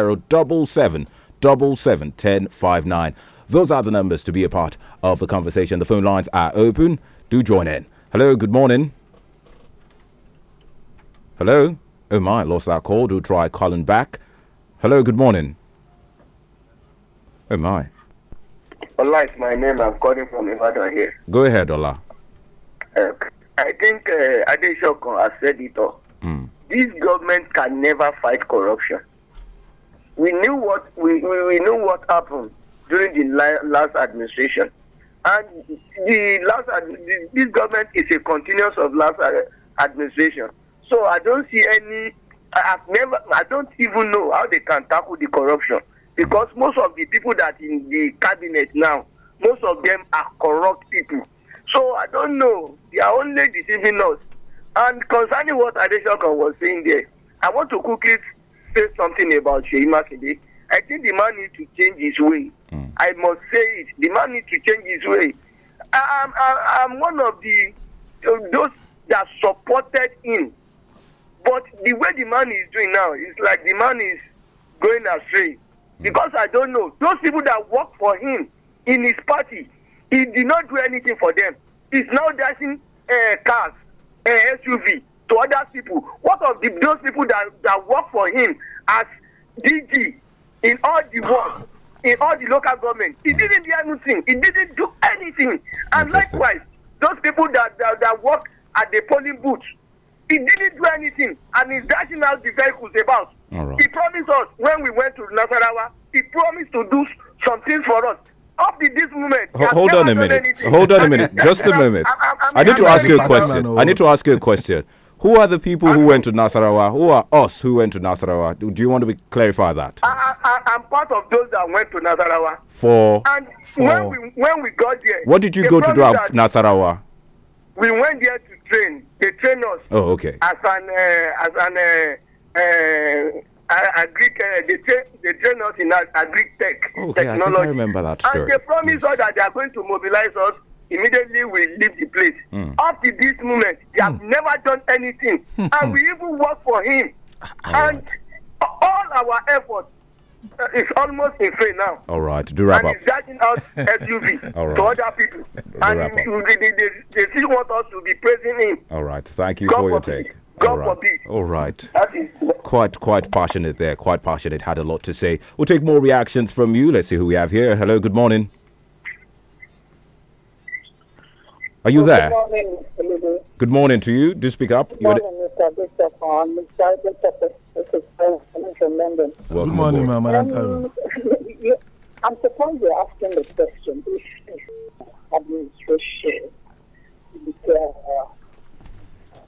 Zero double seven double seven ten five nine. Those are the numbers to be a part of the conversation. The phone lines are open. Do join in. Hello, good morning. Hello? Oh my, lost that call. Do try calling back. Hello, good morning. Oh my. Ola is my name. I'm calling from Ibadan here. Go ahead, Ola. Uh, I think uh, Adeshokan has said it all. Mm. This government can never fight corruption we knew what we, we, what happened during the last administration, and the last this government is a continuance of last administration. So I don't see any. I've never. I don't even know how they can tackle the corruption because most of the people that in the cabinet now, most of them are corrupt people. So I don't know. They are only deceiving us. And concerning what Adeshokan was saying there, I want to quickly say something about Sheyi Makinde, I think the man needs to change his way. Mm. I must say it. The man needs to change his way. I'm, I'm one of the uh, those that supported him. But the way the man is doing now, is like the man is going astray. Mm. Because I don't know. Those people that work for him in his party, he did not do anything for them. He's now dashing uh, cars, uh, SUV to other people? What of the, those people that, that work for him as DG in all the world, in all the local government? He didn't do anything. He didn't do anything. And likewise, those people that, that, that work at the polling booth, he didn't do anything. And he's dashing out the vehicles about. Right. He promised us when we went to Nasarawa, he promised to do some things for us up to this moment. hold on a minute. Hold on a minute. Just a minute. I need to ask you a question. I need to ask you a question. Who are the people who went to Nasarawa? Who are us who went to Nasarawa? Do, do you want to clarify that? I, am part of those that went to Nasarawa. For and for, when we when we got there, what did you go to do at Nasarawa? We went there to train. They trained us. Oh, okay. As an uh, as an uh, uh, I agree. Uh, they train they train us in agri tech okay, technology. I, I remember that story. And they promised yes. us that they are going to mobilize us immediately we leave the place. Mm. Up to this moment, they have mm. never done anything, hmm. and we even work for him. and all our effort uh, is almost in vain now. All right, do wrap and up. And out SUV All right. to other people. and They, they, they, they still want us to be praising him. All right, thank you for your take. God All right. All right. Quite, quite passionate there. Quite passionate. Had a lot to say. We'll take more reactions from you. Let's see who we have here. Hello. Good morning. Are you there? Good morning, Good morning to you. Do speak up. Good morning, Mr. Bishop. Mr. This is from London. Well, good morning, ma'am. Um, I'm surprised you're asking the question. If administration declare uh,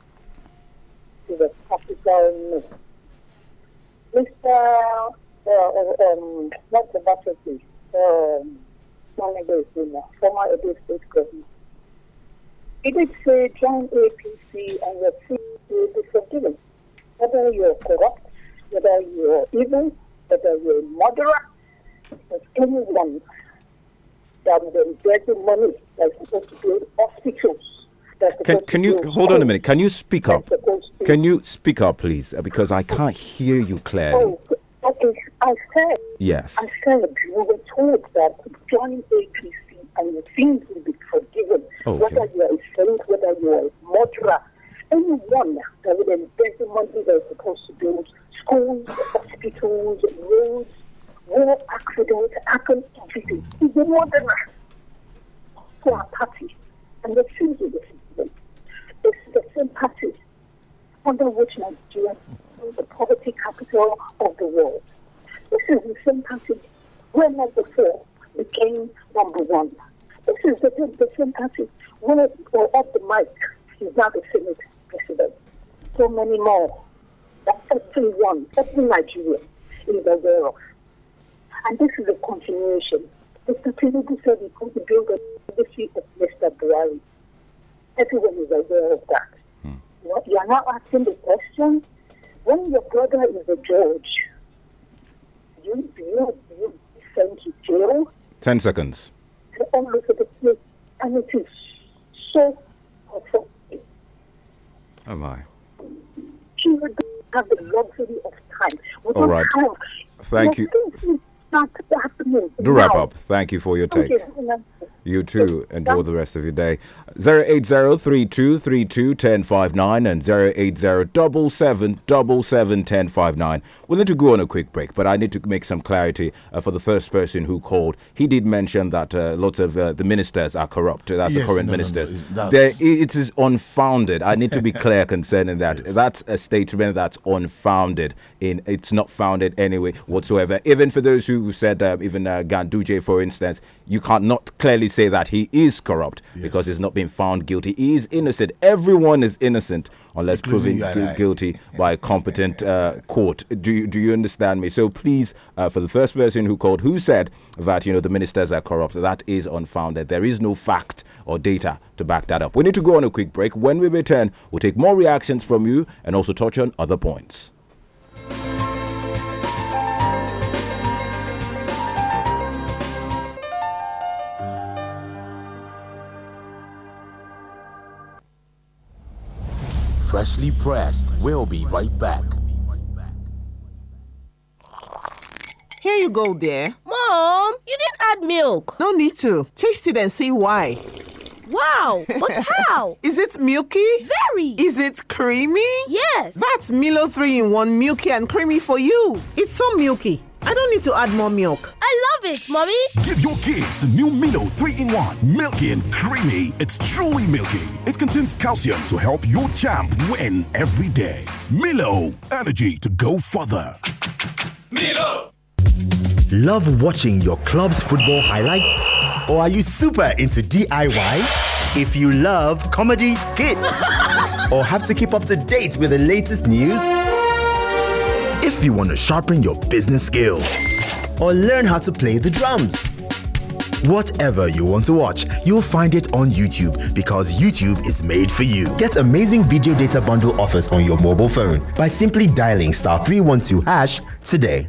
to the capital Mr. Uh, um, not the battery, um, former Edo State government. It is uh, join APC and your sins will be forgiven. Whether you're corrupt, whether you're evil, whether you're murderer, there's anyone that will get the money that's supposed to build hospitals. Can, can you hold on a minute? Can you speak up? Can you speak up, please? Uh, because I can't hear you clearly. Oh, okay. I said. Yes. I said we were told that joining APC and you think will be forgiven, oh, okay. whether you are a saint, whether you are a murderer, anyone that would invest the money they're supposed to build schools, hospitals, roads, war accidents, happen everything, is a murderer for our party. And the thing is, it's the same party under which Nigeria is the poverty capital of the world. This is the same party where number four became number one. This is the, the same country where go off the mic he's not the Senate president. So many more that everyone, every Nigerian is aware of. And this is a continuation. Mr. Tinubu said he going to build a legacy of Mr. Buhari. Everyone is aware of that. Hmm. You, are now asking the question when your brother is a judge, you, do you, you send to jail? 10 seconds the onlook of the place, and it is so awful. Oh my. have the luxury of time. We All right. Have, Thank you. Not Do wrap up. Thank you for your take. You too. Enjoy the rest of your day. 080-3232-1059 and 080-777-1059. We'll need to go on a quick break, but I need to make some clarity uh, for the first person who called. He did mention that uh, lots of uh, the ministers are corrupt. That's yes, the current no, ministers. No, no, it is unfounded. I need to be clear concerning that. Yes. That's a statement that's unfounded. In It's not founded anyway whatsoever. Even for those who said, uh, even uh, Ganduje, for instance, you can't not clearly say that he is corrupt yes. because he's not been found guilty. He is innocent. Everyone is innocent unless Including proven gu guilty by a competent uh, court. Do you, do you understand me? So please, uh, for the first person who called who said that you know the ministers are corrupt, that is unfounded. There is no fact or data to back that up. We need to go on a quick break. When we return, we'll take more reactions from you and also touch on other points. Freshly pressed. We'll be right back. Here you go, dear. Mom, you didn't add milk. No need to. Taste it and see why. Wow, but how? Is it milky? Very. Is it creamy? Yes. That's Milo 3 in 1 milky and creamy for you. It's so milky. I don't need to add more milk. I love it, Mommy. Give your kids the new Milo 3-in-1. Milky and creamy. It's truly milky. It contains calcium to help your champ win every day. Milo. Energy to go further. Milo. Love watching your club's football highlights? Or are you super into DIY? If you love comedy skits or have to keep up to date with the latest news? If you want to sharpen your business skills or learn how to play the drums, Whatever you want to watch, you'll find it on YouTube because YouTube is made for you. Get amazing video data bundle offers on your mobile phone by simply dialing star 312 hash today.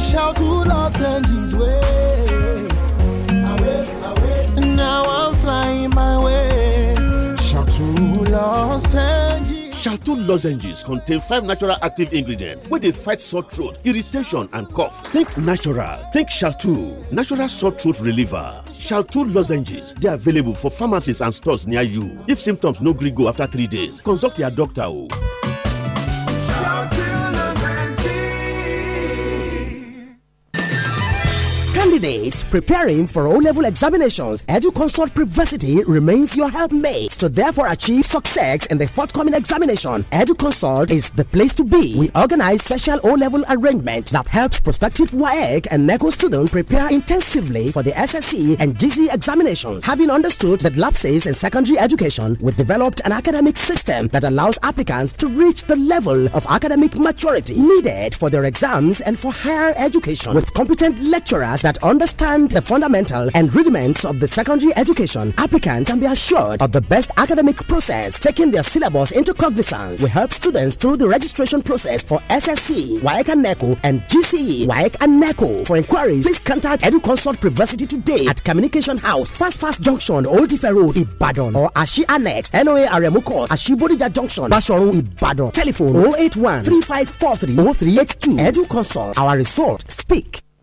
Shout to Los Angeles way. Away, away. Now I'm flying my way. Shout to Los Angeles. Shaltung lozenges contain five natural active ingredients wey dey fight sore throat, irritation and cough. Think natural, think Shalto. natural sore throat reliever. Shalto lozenges dey available for pharmacies and stores near you. If symptoms no gree go after three days, consult your doctor o. Oh. Candidates preparing for O-level examinations, EduConsult Privacy remains your helpmate. So therefore achieve success in the forthcoming examination. EduConsult is the place to be. We organize special O-level arrangement that helps prospective WAEC and NECO students prepare intensively for the SSE and GC examinations. Having understood that lapses in secondary education, we developed an academic system that allows applicants to reach the level of academic maturity needed for their exams and for higher education with competent lecturers that that understand the fundamental and rudiments of the secondary education, applicants can be assured of the best academic process, taking their syllabus into cognizance. We help students through the registration process for SSC, WAEC and NECO, and GCE, WAEC and NECO. For inquiries, please contact EduConsult Privacy today at Communication House, Fast Fast Junction, Old Ife Road, Ibadan, or Ashi Annex, NOA Aremu Court, Ashibodija Junction, Bashorun, Ibadan. Telephone 081 3543 0382. EduConsult, our resort. Speak.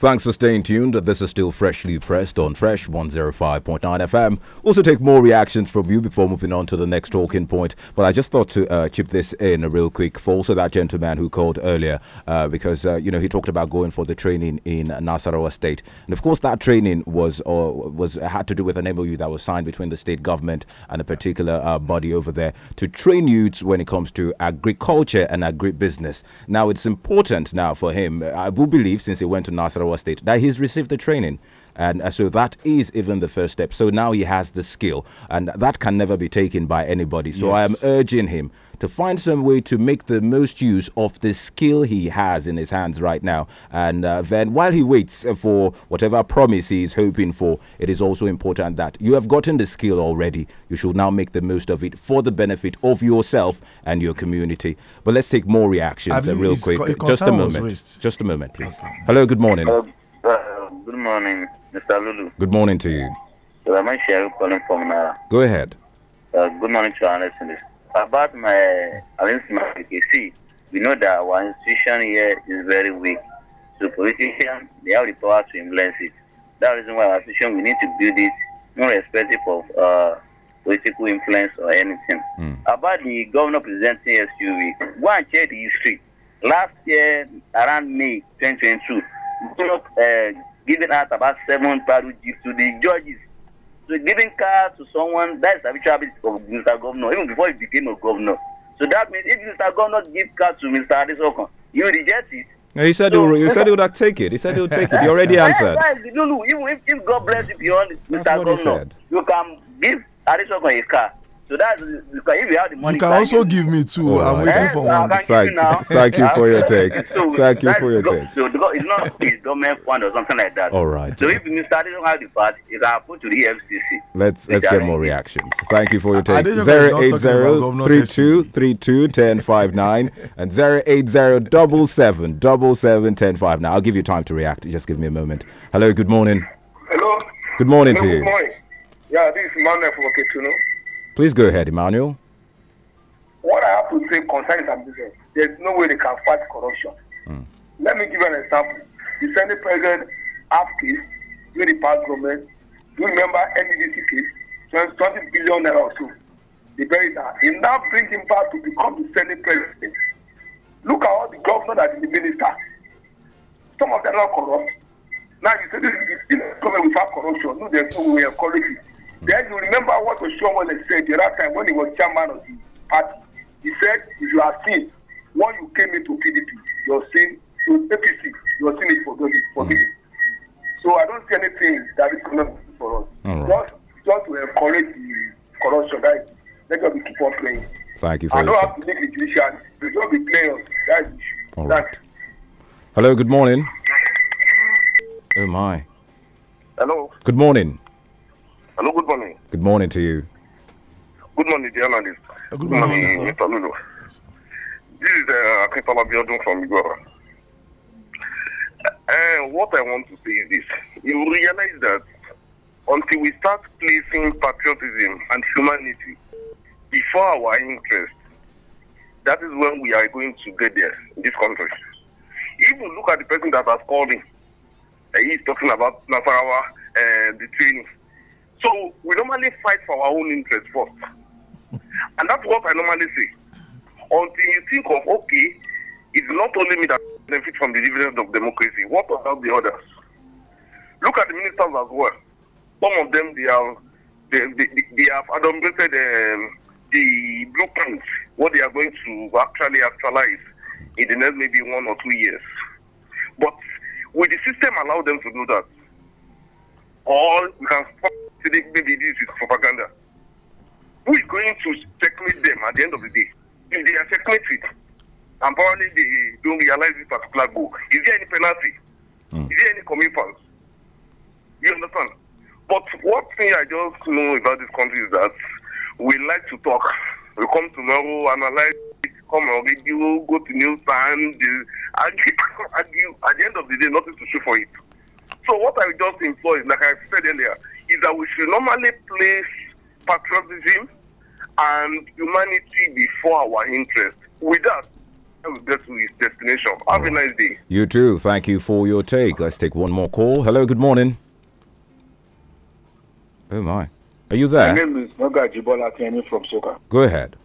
Thanks for staying tuned. This is still freshly pressed on Fresh 105.9 FM. Also, take more reactions from you before moving on to the next talking point. But I just thought to uh, chip this in real quick for also that gentleman who called earlier uh, because uh, you know he talked about going for the training in Nasarawa State, and of course that training was or uh, was had to do with an MOU that was signed between the state government and a particular uh, body over there to train youths when it comes to agriculture and agribusiness. Now it's important now for him. I will believe since he went to Nasarawa State, that he's received the training. And uh, so that is even the first step. So now he has the skill, and that can never be taken by anybody. So yes. I am urging him to find some way to make the most use of the skill he has in his hands right now. And uh, then while he waits for whatever promise he is hoping for, it is also important that you have gotten the skill already. You should now make the most of it for the benefit of yourself and your community. But let's take more reactions uh, real quick. Just a moment. Just a moment, please. Okay. Hello, good morning. Uh, good morning, Mr. Lulu. Good morning to you. Well, uh, I'm calling from Nara. Go ahead. Uh, good morning to our listeners. about my arrangement with AC, we know that our institution here is very weak. So politicians, they have the power to influence it. That reason why our institution, we need to build it irrespective of uh, political influence or anything. Mm. About the governor presenting SUV, go and check the history. Last year, around May 2022, governor uh, given out about seven paru to the judges So giving car to someone, that's a habit of Mr. Governor, even before he became a governor. So that means if Mr. Governor give car to Mr. Adesokan, you reject it. He said, so, he, he said he would take it. He said he would take it. He already answered. Yes, yes. No, no. Even if, if God bless you beyond Mr. Governor, you can give Adesokan a car. So that's if you have the money, you can also you, give me two. Oh, I'm waiting for one. Thank, you for your take. thank you for your take. So it's not a government fund or something like that. All right. So yeah. if Mr. start don't have the part, you can put to the FCC. Let's let's get more reactions. Thank you for your take. Zero eight zero three two three two ten five nine and zero eight zero double seven double seven ten five nine. I'll give you time to react. Just give me a moment. Hello. Good morning. Hello. Good morning Hello, to you. Good morning. Yeah, this is Manuel from Okituno. Please go ahead, Emmanuel. What I have to say some business, there's no way they can fight corruption. Mm. Let me give an example. The Senate President asked case during the past government, do you remember NDDC case? 20 billion naira or so. They buried that. He now brings him back to become the Senate President. Look at all the governors that is the minister. Some of them are corrupt. Now you say this is the government without corruption. No, there's no way of encourage it. Then mm. you remember what Oshiomole said the last time when he was chairman of the party. He said, if you are sin, when you came into PDP, your sin, your APC, your sin is forgiven. for Mm. So I don't see anything that is going for us. All right. Just, just to encourage the corruption, guys. Let us keep on playing. Thank you for I don't have to make the judicial. They just be players. That's the issue. All right. Hello, good morning. Oh my. Hello. Good morning. Hello, good morning. Good morning to you. Good morning, dear analyst. Good, morning, morning Mr. Lulu. This is uh, Akintola Biodun from Igora. And uh, what I want to say is this. You realize that until we start placing patriotism and humanity before our interest, that is when we are going to get there in this country. Even look at the person that has called me. Uh, he's talking about Nasarawa, uh, the training. So we normally fight for our own interests first. and that's what I normally say. Until you think of, okay, it's not only me that benefit from the dividends of democracy, what about the others? Look at the ministers as well. Some of them, they have, they, they, they have adumbrated um, the blueprint, what they are going to actually actualize in the next maybe one or two years. But will the system allow them to do that? Or we can stop maybe this is propaganda. Who is going to checkmate them at the end of the day? If they are it, and probably they don't realize this particular goal, is there any penalty? Mm. Is there any commitment? You understand? But one thing I just know about this country is that we like to talk. We come tomorrow, analyze, come on radio, go to newsstand. argue, argue. At the end of the day, nothing to show for it. So what I just employ, like I said earlier, is that we should normally place patriotism and humanity before our interest. With that, we'll get to his destination. Have a nice day. You too. Thank you for your take. Let's take one more call. Hello, good morning. Oh my. Are you there? My name is Jibola Bola from Soka. Go ahead.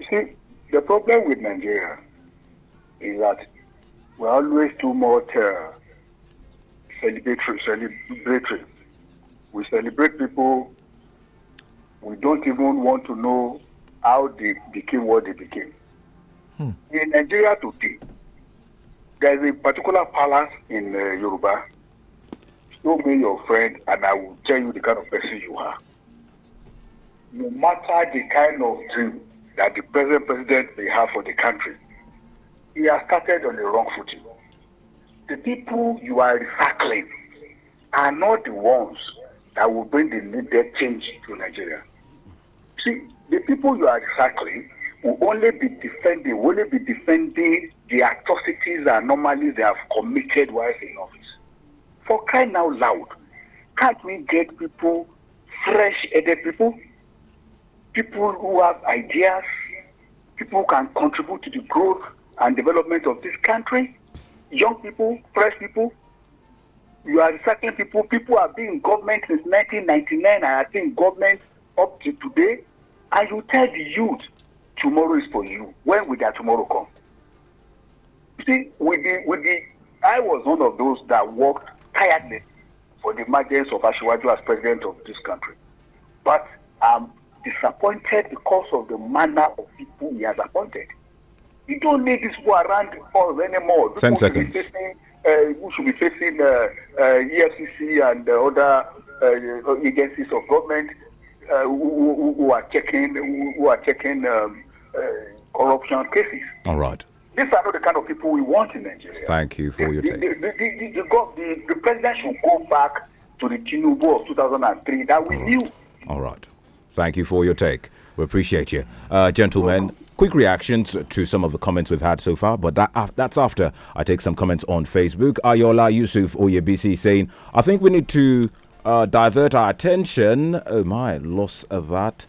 You see, the problem with Nigeria is that we're always too more terror, uh, celebratory, celebratory we celebrate people. We don't even want to know how they became what they became. Hmm. In Nigeria today, there is a particular balance in uh, Yoruba. Show me your friend, and I will tell you the kind of person you are. No matter the kind of dream that the present president may have for the country, he has started on the wrong footing. The people you are recycling are not the ones that will bring the needed change to Nigeria. See, the people you are tackling will only be defending, will only be defending the atrocities and anomalies they have committed while in office. For crying out loud, can't we get people, fresh-headed people, people who have ideas, people who can contribute to the growth and development of this country, young people, fresh people, you are recycling people. People have been in government since 1999 and have been in government up to today. And you tell the youth, tomorrow is for you. When will that tomorrow come? You see, with the, with the, I was one of those that worked tirelessly for the emergence of Ashwaju as president of this country. But I'm disappointed because of the manner of people he has appointed. You don't need this war around us anymore. People Ten seconds. Uh, who should be facing uh, uh, EFCC and other agencies of government who, who, are checking who are checking um, corruption cases. All right. These are not the kind of people we want in Nigeria. Thank you for the, your the, take. The, the, president should go back to the Tinubu of 2003 that we knew. All right. Thank you for your take. We appreciate you. Uh, gentlemen, quick reactions to some of the comments we've had so far, but that uh, that's after I take some comments on Facebook. Ayola Yusuf Oyebisi saying, I think we need to uh, divert our attention. Oh my, loss of that.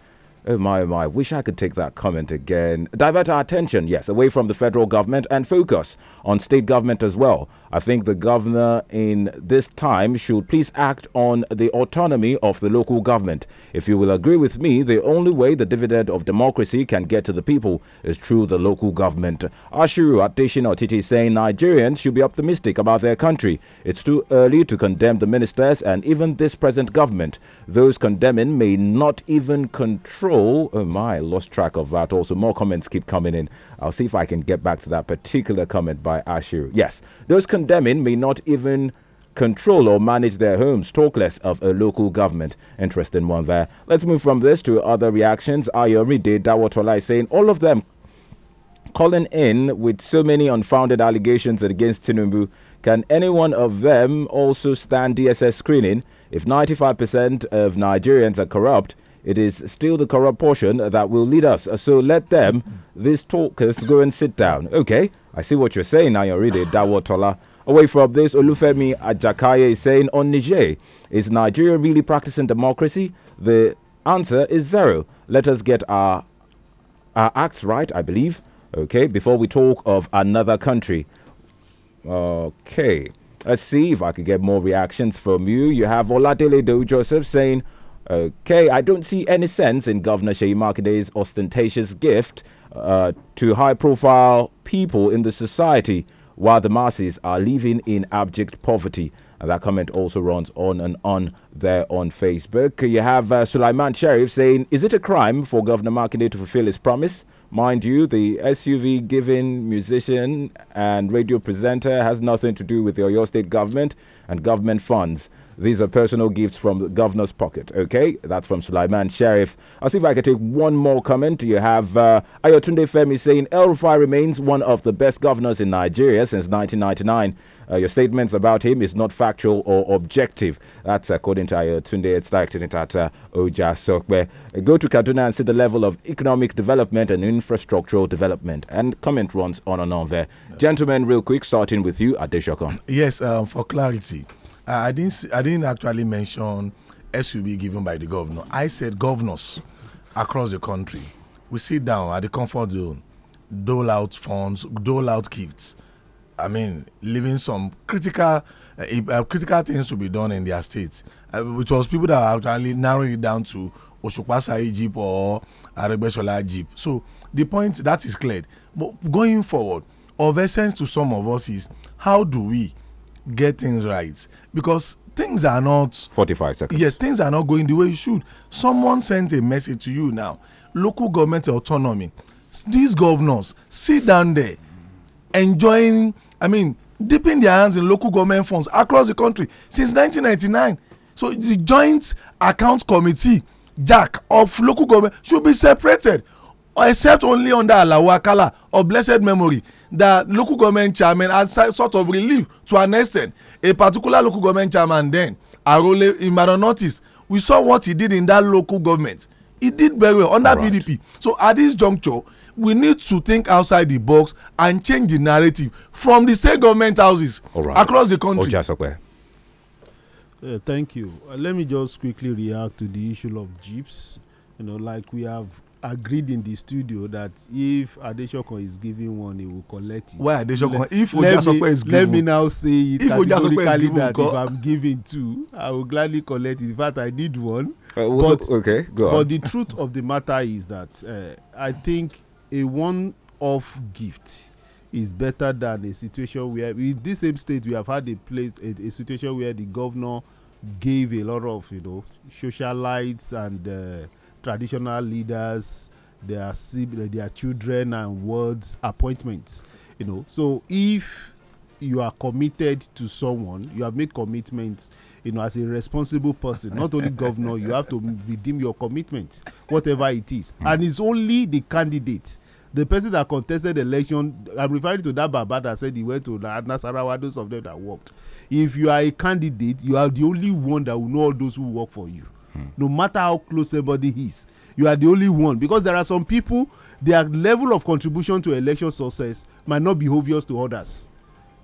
Oh my, oh my, wish I could take that comment again. Divert our attention, yes, away from the federal government and focus on state government as well. I think the governor in this time should please act on the autonomy of the local government. If you will agree with me, the only way the dividend of democracy can get to the people is through the local government. Ashiru Atishin Otiti saying Nigerians should be optimistic about their country. It's too early to condemn the ministers and even this present government. Those condemning may not even control. Oh my, I lost track of that. Also, more comments keep coming in. I'll see if I can get back to that particular comment by Ashiru. Yes, those condemning condemning may not even control or manage their homes, talk less of a local government. Interesting one there. Let's move from this to other reactions. Ayoride Dawotola is saying all of them calling in with so many unfounded allegations against Tinubu. Can any one of them also stand DSS screening? If 95% of Nigerians are corrupt, it is still the corrupt portion that will lead us. So let them, these talkers, go and sit down. Okay, I see what you're saying now. You're really Dawotola. Away from this, Olufemi Ajakaye is saying on Niger, is Nigeria really practicing democracy? The answer is zero. Let us get our, our acts right, I believe. Okay, before we talk of another country. Okay, let's see if I can get more reactions from you. You have Oladele Do Joseph saying, Okay, I don't see any sense in Governor Sheyi Markade's ostentatious gift uh, to high profile people in the society while the masses are living in abject poverty. And that comment also runs on and on there on Facebook. You have uh, Sulaiman Sheriff saying, Is it a crime for Governor Makinde to fulfill his promise? Mind you, the SUV giving musician and radio presenter has nothing to do with the Oyo State government and government funds. These are personal gifts from the governor's pocket. Okay, that's from Sulaiman Sheriff. I'll see if I can take one more comment. You have uh, Ayotunde Femi saying El Rufai remains one of the best governors in Nigeria since 1999. Uh, your statements about him is not factual or objective. That's according to Ayotunde Extracted at uh, Oja Sokwe. Go to Kaduna and see the level of economic development and infrastructural development. And comment runs on and on there. Yes. Gentlemen, real quick, starting with you, Adeshokon. Yes, um, for clarity. Uh, I didn't. I didn't actually mention SUB given by the governor. I said governors across the country. We sit down at the comfort zone, dole out funds, dole out gifts. I mean, leaving some critical, uh, uh critical things to be done in their states. Uh, it was people that actually narrowing it down to Oshupasa Jeep or Aregbesola Jeep. So the point that is cleared. But going forward, of essence to some of us is how do we get things right? because things are not 45 seconds. Yes, things are not going the way you should. Someone sent a message to you now. Local government autonomy. These governors sit down there enjoying, I mean, dipping their hands in local government funds across the country since 1999. So the Joint Accounts Committee, Jack of local government should be separated Oh, except only under alawa akala of blessed memory that local government chairman had sort of relief to an extent a particular local government chairman then arole ibadan notice we saw what he did in that local government he did very well under right. pdp so at this juncture we need to think outside the box and change the narrative from the state government houses right. across the country. Uh, thank you. Uh, let me just quickly react to the issue of jeeps. You know, like we have agreed in the studio that if Adesokan is giving one he will collect it. why Adesokan if Ojasope is given let me now say it if categorically that if I'm giving two I will gladly collect it in fact I need one. Uh, but up? okay go on. but the truth of the matter is that uh, I think a one-off gift is better than a situation where in this same state we have had a place a, a situation where the governor gave a lot of you know socialites and. Uh, traditional leaders, their their children and wards appointments. You know, so if you are committed to someone, you have made commitments. You know, as a responsible person, not only governor, you have to redeem your commitment, whatever it is. Mm. And it's only the candidate the person that contested the election i'm referring to that baba that said he went to nasarawa those of them that worked if you are a candidate you are the only one that will know all those who work for you no matter how close somebody is you are the only one because there are some people their level of contribution to election success might not be obvious to others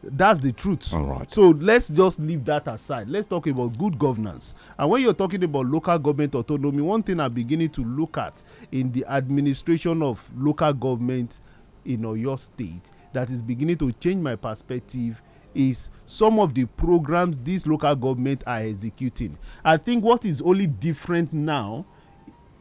that's the truth all right so let's just leave that aside let's talk about good governance and when you're talking about local government autonomy one thing i'm beginning to look at in the administration of local government in your state that is beginning to change my perspective is some of the programs these local governments are executing. I think what is only different now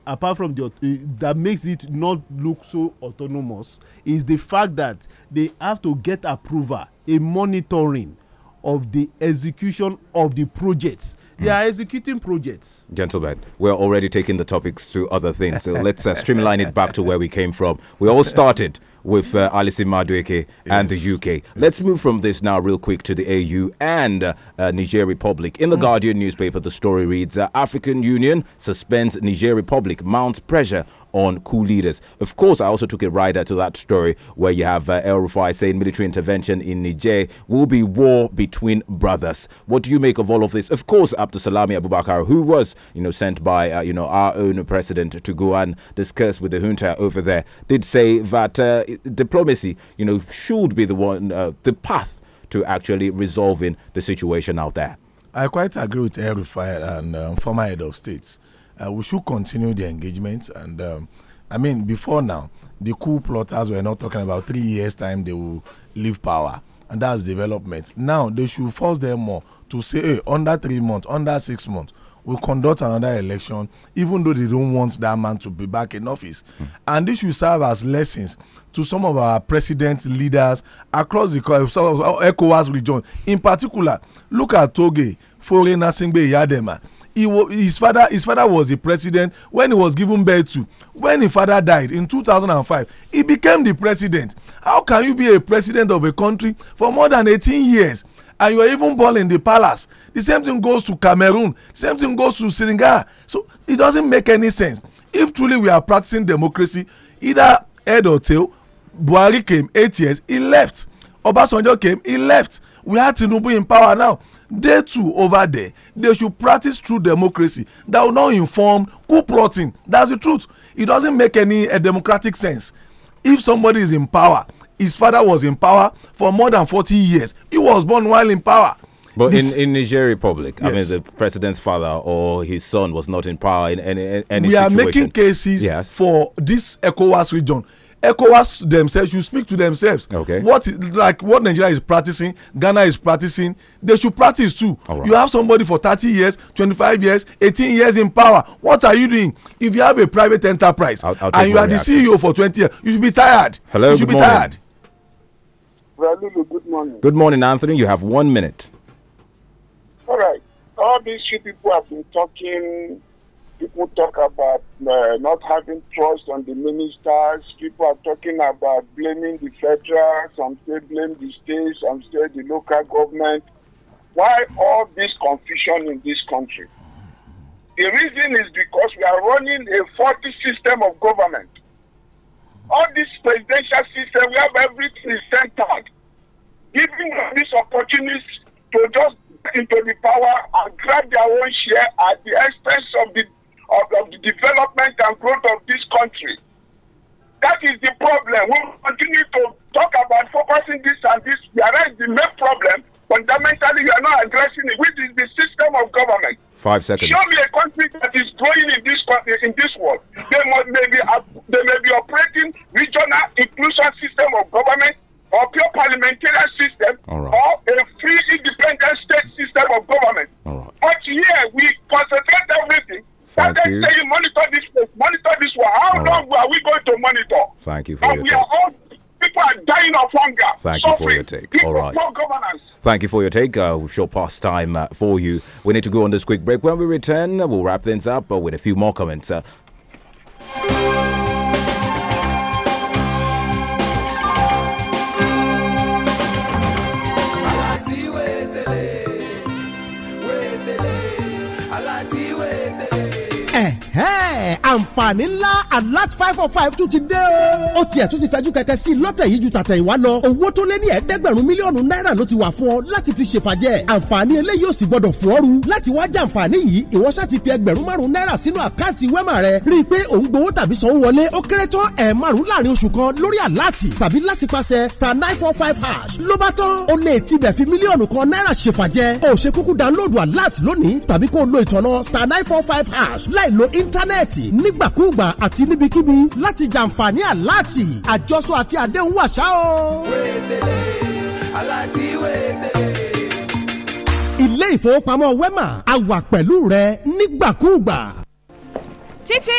apart from the uh, that makes it not look so autonomous is the fact that they have to get approval a monitoring of the execution of the projects. They hmm. are executing projects. Gentlemen, we're already taking the topics to other things, so let's uh, streamline it back to where we came from. We all started with uh, Alison Madueke yes. and the UK. Yes. Let's move from this now, real quick, to the AU and uh, Niger Republic. In the mm. Guardian newspaper, the story reads uh, African Union suspends Niger Republic, mounts pressure on coup leaders. Of course, I also took a rider to that story where you have uh, El Rufai saying military intervention in Niger will be war between brothers. What do you make of all of this? Of course, Abdul Salami Abubakar, who was you know sent by uh, you know our own president to go and discuss with the junta over there, did say that uh, diplomacy you know should be the one uh, the path to actually resolving the situation out there. I quite agree with El Rufai and um, former head of states uh, we should continue the engagement. And um, I mean, before now, the coup plotters were not talking about three years' time they will leave power. And that's development. Now, they should force them more to say, hey, under three months, under six months, we we'll conduct another election, even though they don't want that man to be back in office. Mm. And this should serve as lessons to some of our president leaders across the country, uh, ECOWAS region. In particular, look at Toge, foreigner Singbe Yadema he his father his father was the president when he was given birth to when his father died in 2005 he became the president how can you be a president of a country for more than 18 years and you are even born in the palace the same thing goes to cameroon same thing goes to senegal so it doesn't make any sense if truly we are practicing democracy either head or tail buhari came eight years he left obasanjo came he left we had tinubu in power now they too over there they should practice true democracy that will not inform coup plotting that's the truth it doesn't make any a eh, democratic sense if somebody is in power his father was in power for more than forty years he was born while in power. But this, in, in Niger Republic, yes. I mean, the president's father or his son was not in power in any, any we situation. We are making cases yes. for this ECOWAS region ECOWAS themselves should speak to themselves. Okay. What is, like what Nigeria is practicing, Ghana is practicing, they should practice too. Right. You have somebody for 30 years, 25 years, 18 years in power. What are you doing? If you have a private enterprise I'll, I'll and you are the CEO for 20 years, you should be tired. Hello, you should be morning. tired. Good morning. Good morning, Anthony. You have one minute. All right. All these few people have been talking People talk about uh, not having trust on the ministers. People are talking about blaming the federal, some say blame the states, some say the local government. Why all this confusion in this country? The reason is because we are running a faulty system of government. All this presidential system, we have everything centered, giving these opportunities to just into the power and grab their own share at the expense of the of, of the development and growth of this country. That is the problem. We will continue to talk about focusing this and this, whereas the main problem, fundamentally, you are not addressing it, which is the system of government. Five seconds. Show me a country that is growing in this country, in this world. They must maybe they may be operating regional inclusion system of government or pure parliamentary system right. or a free independent state system of government. Right. But here we concentrate everything Thank you. Tell you monitor this place, monitor this one. How all long right. are we going to monitor? Thank you for and your we take. Are all, people are dying of hunger. Thank suffering. you for your take. People all right. governance. Thank you for your take. Uh, short past time uh, for you. We need to go on this quick break. When we return, uh, we'll wrap things up uh, with a few more comments. Uh. àǹfààní ńlá alert five four oh five tún ti dé o. ó tiẹ̀ tún ti fẹ́jú kẹ̀kẹ́ sí lọ́tẹ̀ yìí ju tàtẹ̀ ìwá lọ. owó tó lé ní ẹ̀ẹ́dẹ́gbẹ̀rún mílíọ̀nù náírà ló ti wà fún ọ láti fi ṣèfàjẹ́. àǹfààní eléyìí ò sì gbọdọ̀ fún ọ́rù. láti wá jẹ àǹfààní yìí ìwọ ṣáà ti fi ẹgbẹ̀rún márùn-ún náírà sínú àkáǹtì wẹ́mà rẹ. rí i pé ò ń gbowó tàbí sanwó wọlé ó kéré tán ẹ̀ márùn láàrin oṣù kan lórí àláàtì tàbí láti pàṣẹ star nine four five hash. ló bá tán o lè tibẹ̀ fi mílíọ̀nù kan náírà ṣèfàjẹ́. o ṣe kúkú dáńlóòdù àláàtì lónìí tàbí kó o lo ìtọ̀nà star nine four five hash láì lo íńtánẹ́ẹ̀tì nígbàkúùgbà àti níbikíbi láti jàǹfààní àláàtì àjọsọ àti àdéhùn wàṣà o. ilé ìfowópamọ́ wema a wà pẹ̀lú rẹ nígbàkúùgbà. títí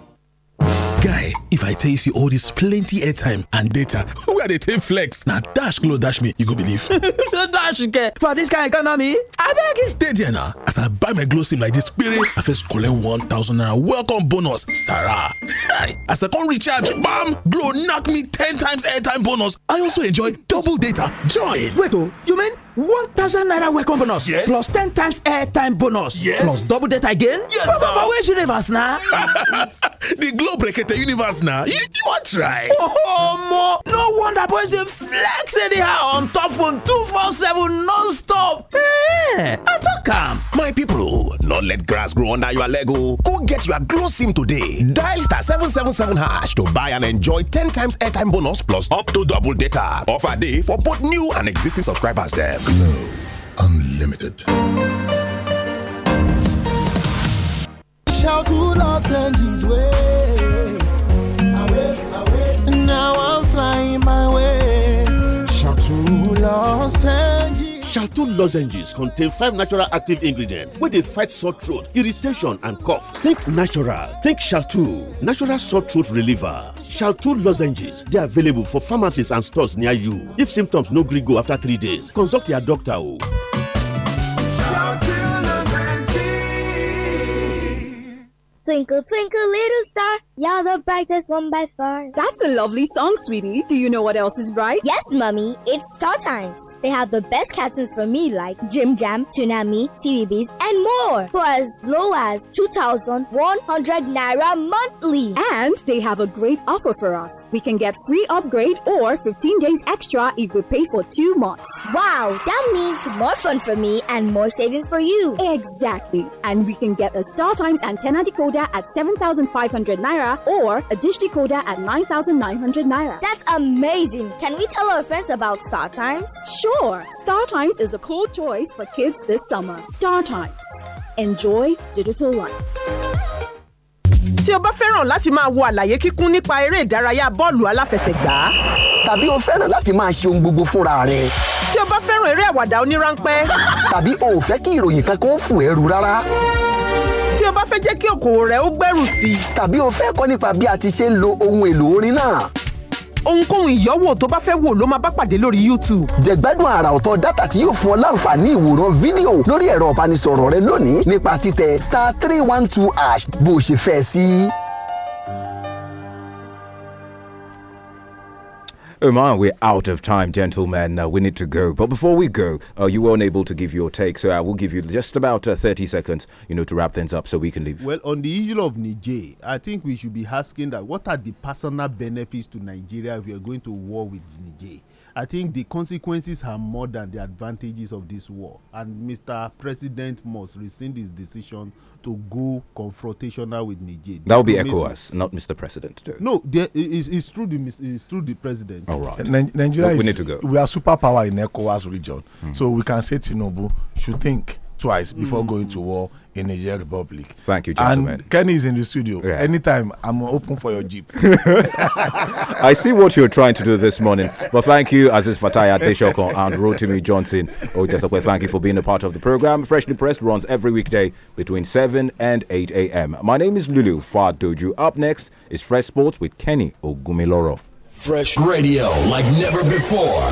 guy if i tell you see all this plenty airtime and data where they take flex Now dash glow dash me you go believe. dash get for dis kain economy I beg you. there na as i buy my glow sim like this, spirit i first collect one thousand naira welcome bonus sarah as i come recharge bam glow knock me ten times airtime bonus i also enjoy double data join. wait oh, you mean one thousand naira welcome bonus. yes plus ten times airtime bonus. yes plus double data again. yes na for for which universe na. the globe brekete universe now. now. You, you want try? Oh, Mo, no wonder boys they flex anyhow on top phone 247 non-stop. Hey, eh, I don't calm. My people, not let grass grow under your Lego. Oh. Go get your glow sim today. Dial star 777 hash to buy and enjoy 10 times airtime bonus plus up to double data. Offer day for both new and existing subscribers Then Glow Unlimited. Shout to Los Angeles way. lozenges. Shalto lozenges contain five natural active ingredients where they fight sore throat, irritation and cough. Think natural, think Shalto, natural sore throat reliever. Shalto lozenges They are available for pharmacies and stores near you. If symptoms no gree go after three days, consult your doctor o. Oh. Twinkle, twinkle, little star, you're the brightest one by far. That's a lovely song, sweetie. Do you know what else is bright? Yes, mummy, it's Star Times. They have the best cartoons for me like Jim Jam, Tsunami, TVBs, and more for as low as 2,100 naira monthly. And they have a great offer for us. We can get free upgrade or 15 days extra if we pay for two months. Wow, that means more fun for me and more savings for you. Exactly. And we can get a Star Times antenna decoder decoder at 7,500 naira or a dish decoder at 9,900 naira. That's amazing. Can we tell our friends about Star Times? Sure. Star Times is the cool choice for kids this summer. Star Times. Enjoy digital life. Tí o bá fẹ́ràn láti máa wo àlàyé kíkún nípa eré ìdárayá bọ́ọ̀lù aláfẹsẹ̀gbá. Tàbí o fẹ́ràn láti máa ṣe ohun gbogbo fúnra rẹ̀. Tí o bá fẹ́ràn eré àwàdà oníránpẹ́. Tàbí o ò fẹ́ kí ìròyìn ẹrù rárá tí o bá fẹ́ jẹ́ kí okòwò rẹ ó gbèrú sí i. tàbí o fẹ́ kọ́ nípa bí a ti ṣe ń lo ohun èlò orin náà. ohunkóhun ìyọ́wò tó bá fẹ́ wò ló máa bá pàdé lórí YouTube. jẹ̀gbádùn àrà ọ̀tọ̀ dátà tí yóò fún ọ láǹfààní ìwòran fídíò lórí ẹ̀rọ ìbánisọ̀rọ̀ rẹ lónìí nípa títẹ̀ star three one two hash bó o ṣe fẹ́ sí. Oh my, we're out of time, gentlemen. Uh, we need to go. But before we go, uh, you weren't able to give your take, so I will give you just about uh, 30 seconds, you know, to wrap things up so we can leave. Well, on the issue of Niger, I think we should be asking that what are the personal benefits to Nigeria if we are going to war with Niger? I think the consequences are more than the advantages of this war, and Mr. President must rescind his decision to go confrontational with Niger. That would be ECOWAS, not Mr. President. Though. No, there, it's, it's, through the, it's through the president. All right. N Nigeria we, is, need to go. We are superpower in ECOWAS region, mm. so we can say Tinobu should think twice before mm. going to war in Niger Republic. Thank you, gentlemen. And Kenny is in the studio. Yeah. Anytime, I'm open for your jeep. I see what you're trying to do this morning, but thank you, Aziz Fataya Teshokon and Rotimi Johnson. Ojasape, oh, thank you for being a part of the program. Freshly Pressed runs every weekday between 7 and 8 a.m. My name is Lulu Fadoju. Up next is Fresh Sports with Kenny Ogumiloro. Fresh radio like never before.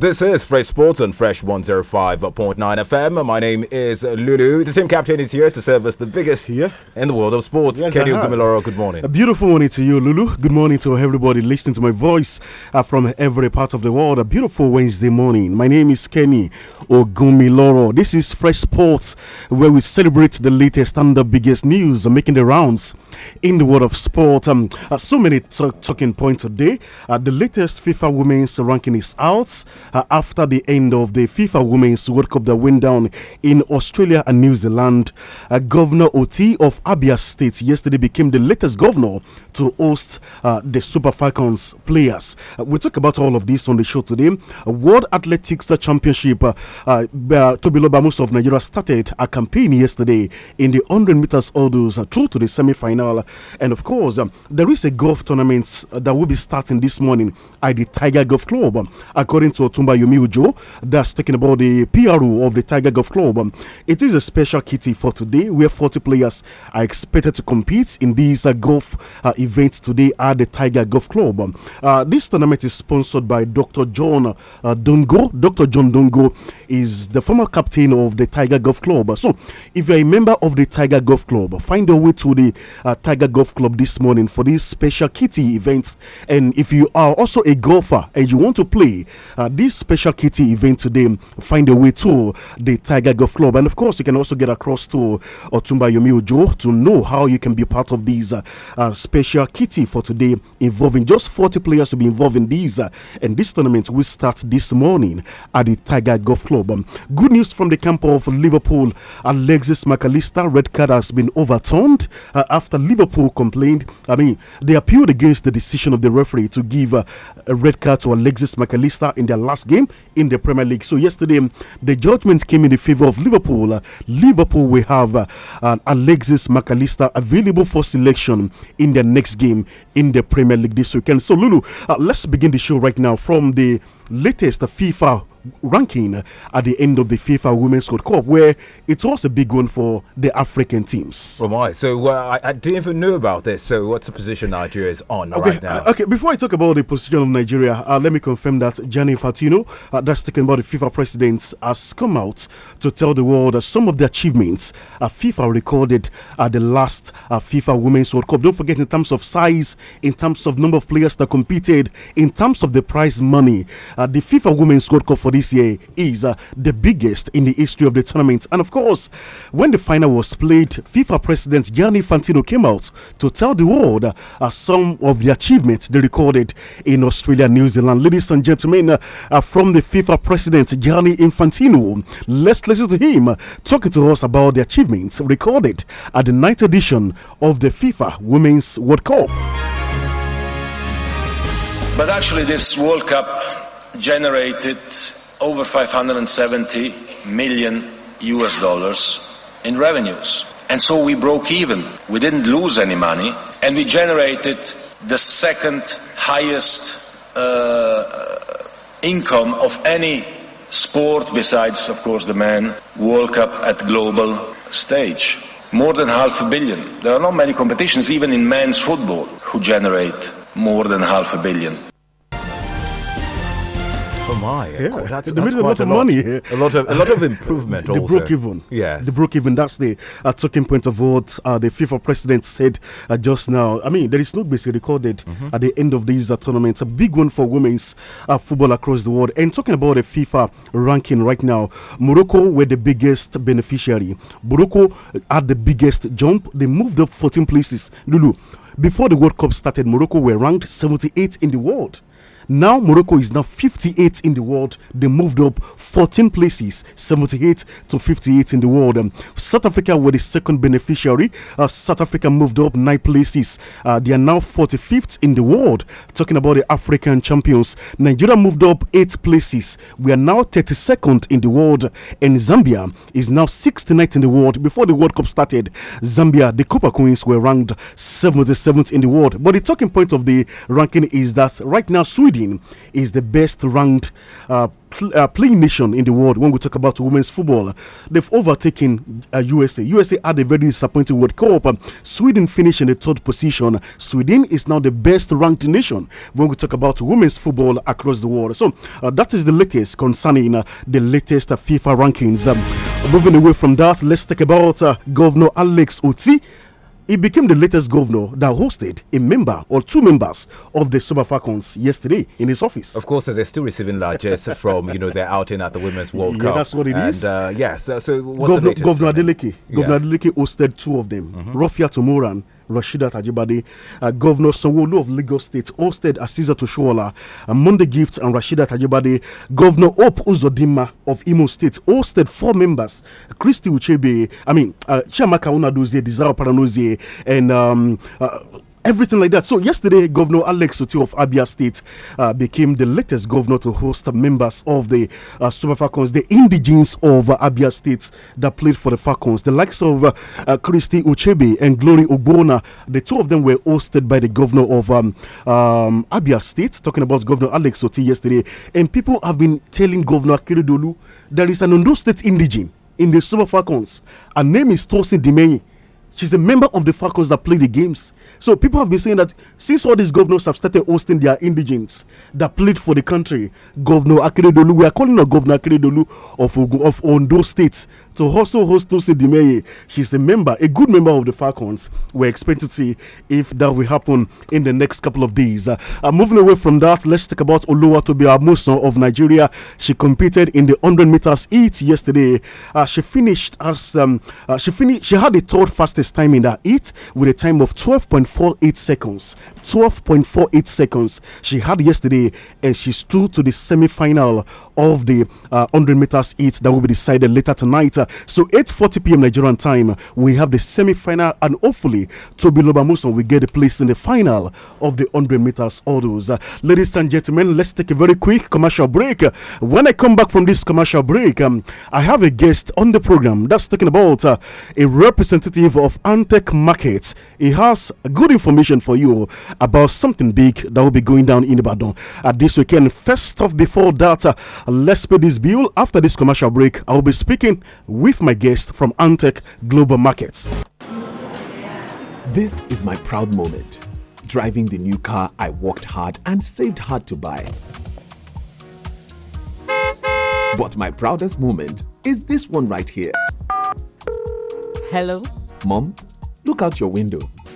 This is Fresh Sports on Fresh 105.9 FM. My name is Lulu. The team captain is here to serve us the biggest yeah. in the world of sports. Yes, Kenny Gumiloro. good morning. A beautiful morning to you, Lulu. Good morning to everybody listening to my voice uh, from every part of the world. A beautiful Wednesday morning. My name is Kenny Ogumiloro. This is Fresh Sports, where we celebrate the latest and the biggest news making the rounds in the world of sport. Um, uh, so many talking points today. Uh, the latest FIFA Women's ranking is out uh, after the end of the FIFA Women's World Cup that went down in Australia and New Zealand. Uh, governor Oti of Abia State yesterday became the latest governor to host uh, the Super Falcons players. Uh, we'll talk about all of this on the show today. World Athletics Championship, uh, uh, Tobilo Bamus of Nigeria started a campaign yesterday in the 100 meters hurdles uh, through to the semi final. And of course, um, there is a golf tournament uh, that will be starting this morning at the Tiger Golf Club, according to Mutumba Yomiujo. That's talking about the PRO of the Tiger Golf Club. Um, it is a special kitty for today where 40 players are expected to compete in these uh, golf uh, events today at the Tiger Golf Club. Um, uh, this tournament is sponsored by Dr. John uh, Dongo. Dr. John Dongo is the former captain of the Tiger Golf Club. So, if you're a member of the Tiger Golf Club, find your way to the uh, Tiger Golf Club this morning for this special kitty event. And if you are also a golfer and you want to play, uh, this this special kitty event today, find a way to the Tiger Golf Club. And of course, you can also get across to Otumba Yomi Ojo to know how you can be part of these uh, uh, special kitty for today, involving just 40 players to be involved in these. Uh, and this tournament will start this morning at the Tiger Golf Club. Um, good news from the camp of Liverpool. Alexis McAllister, red card has been overturned uh, after Liverpool complained. I mean, they appealed against the decision of the referee to give uh, a red card to Alexis McAllister in their last last game in the Premier League. So yesterday, the judgments came in the favour of Liverpool. Uh, Liverpool will have uh, uh, Alexis McAllister available for selection in their next game in the Premier League this weekend. So Lulu, uh, let's begin the show right now from the latest FIFA ranking at the end of the FIFA Women's World Cup, where it was a big one for the African teams. Oh my! So uh, I, I, didn't even know about this. So what's the position Nigeria is on okay, right now? Uh, okay, before I talk about the position of Nigeria, uh, let me confirm that Gianni Fatino, uh, that's talking about the FIFA president, has come out to tell the world some of the achievements FIFA recorded at the last uh, FIFA Women's World Cup. Don't forget, in terms of size, in terms of number of players that competed, in terms of the prize money, uh, the FIFA Women's World Cup for for this year is uh, the biggest in the history of the tournament. And of course, when the final was played, FIFA President Gianni Fantino came out to tell the world uh, some of the achievements they recorded in Australia New Zealand. Ladies and gentlemen, uh, from the FIFA President Gianni Infantino, let's listen to him talking to us about the achievements recorded at the ninth edition of the FIFA Women's World Cup. But actually, this World Cup generated over 570 million US dollars in revenues. And so we broke even. We didn't lose any money, and we generated the second highest uh, income of any sport besides, of course, the men World Cup at global stage. More than half a billion. There are not many competitions, even in men's football, who generate more than half a billion Oh my! Yeah, God, that's, they that's made a lot of a lot. money. A lot of a lot of improvement. they also. broke even. Yeah, they broke even. That's the uh, talking point of what uh, the FIFA president said uh, just now. I mean, there is no basically recorded mm -hmm. at the end of these uh, tournament. A big one for women's uh, football across the world. And talking about the FIFA ranking right now, Morocco were the biggest beneficiary. Morocco had the biggest jump. They moved up 14 places. Lulu, before the World Cup started, Morocco were ranked 78 in the world. Now Morocco is now 58 in the world. They moved up 14 places, 78 to 58 in the world. Um, South Africa were the second beneficiary. Uh, South Africa moved up nine places. Uh, they are now 45th in the world. Talking about the African champions, Nigeria moved up eight places. We are now 32nd in the world, and Zambia is now 69th in the world. Before the World Cup started, Zambia, the Copper Queens, were ranked 77th in the world. But the talking point of the ranking is that right now Sweden is the best ranked uh, pl uh, playing nation in the world when we talk about women's football. They've overtaken uh, USA. USA had a very disappointing World Cup. Sweden finished in the third position. Sweden is now the best ranked nation when we talk about women's football across the world. So uh, that is the latest concerning uh, the latest uh, FIFA rankings. Um, moving away from that, let's talk about Governor Alex Oti he became the latest governor that hosted a member or two members of the Super Falcons yesterday in his office. Of course, they're still receiving largesse from you know they're out outing at the Women's World yeah, Cup. that's what it and, is. Uh, yes. Yeah, so, so Governor, Governor Adeleke, Governor yes. Adeleke hosted two of them, mm -hmm. Tomoran Rashidat Ajibade. Uh, Governor Sawolu of Lagos State hosted Asiza Toshuola, uh, Monday gift, and Rashidat Ajibade. Governor Op Uzodima of Imo State hosted four members, Christy Uchebe, I mean, uh, Chiamaka Unadozie, Desire Paranozie, and um, uh, everything like that. So yesterday, Governor Alex Otie of Abia State uh, became the latest governor to host members of the uh, Super Falcons, the indigenes of uh, Abia State that played for the Falcons. The likes of uh, uh Christy Uchebe and Glory Ogbona, the two of them were hosted by the governor of um, um, Abia State, talking about Governor Alex Otie yesterday. And people have been telling Governor Akeredolu there is an Ondo State indigene in the Super Falcons. Her name is Tosin Dimeyi She's a member of the Falcons that play the games. So people have been saying that since all these governors have started hosting their indigents that played for the country, Governor Akeredolu, we are calling her Governor Akeredolu of, of Ondo State to also host Tosi Dimeye. She's a member, a good member of the Falcons. We're expecting to see if that will happen in the next couple of days. Uh, uh, moving away from that, let's talk about Tobi Amuso of Nigeria. She competed in the 100 meters heat yesterday. Uh, she finished as um, uh, she finished. She had the third fastest time in that heat with a time of 12.48 seconds. 12.48 seconds she had yesterday, and she's through to the semi final of the uh, 100 meters heat that will be decided later tonight. Uh, so 8:40 p.m. Nigerian time, we have the semi final, and hopefully Toby Lobamuson will get a place in the final of the 100 meters hurdles. Uh, ladies and gentlemen, let's take a very quick commercial break. When I come back from this commercial break, um, I have a guest on the program that's talking about uh, a representative of Antec Markets. He has good information for you about something big that will be going down in Ibadan uh, this weekend. First off, before that, uh, let's pay this bill. After this commercial break, I will be speaking with my guest from Antec Global Markets. This is my proud moment. Driving the new car I worked hard and saved hard to buy. But my proudest moment is this one right here. Hello? Mom, look out your window.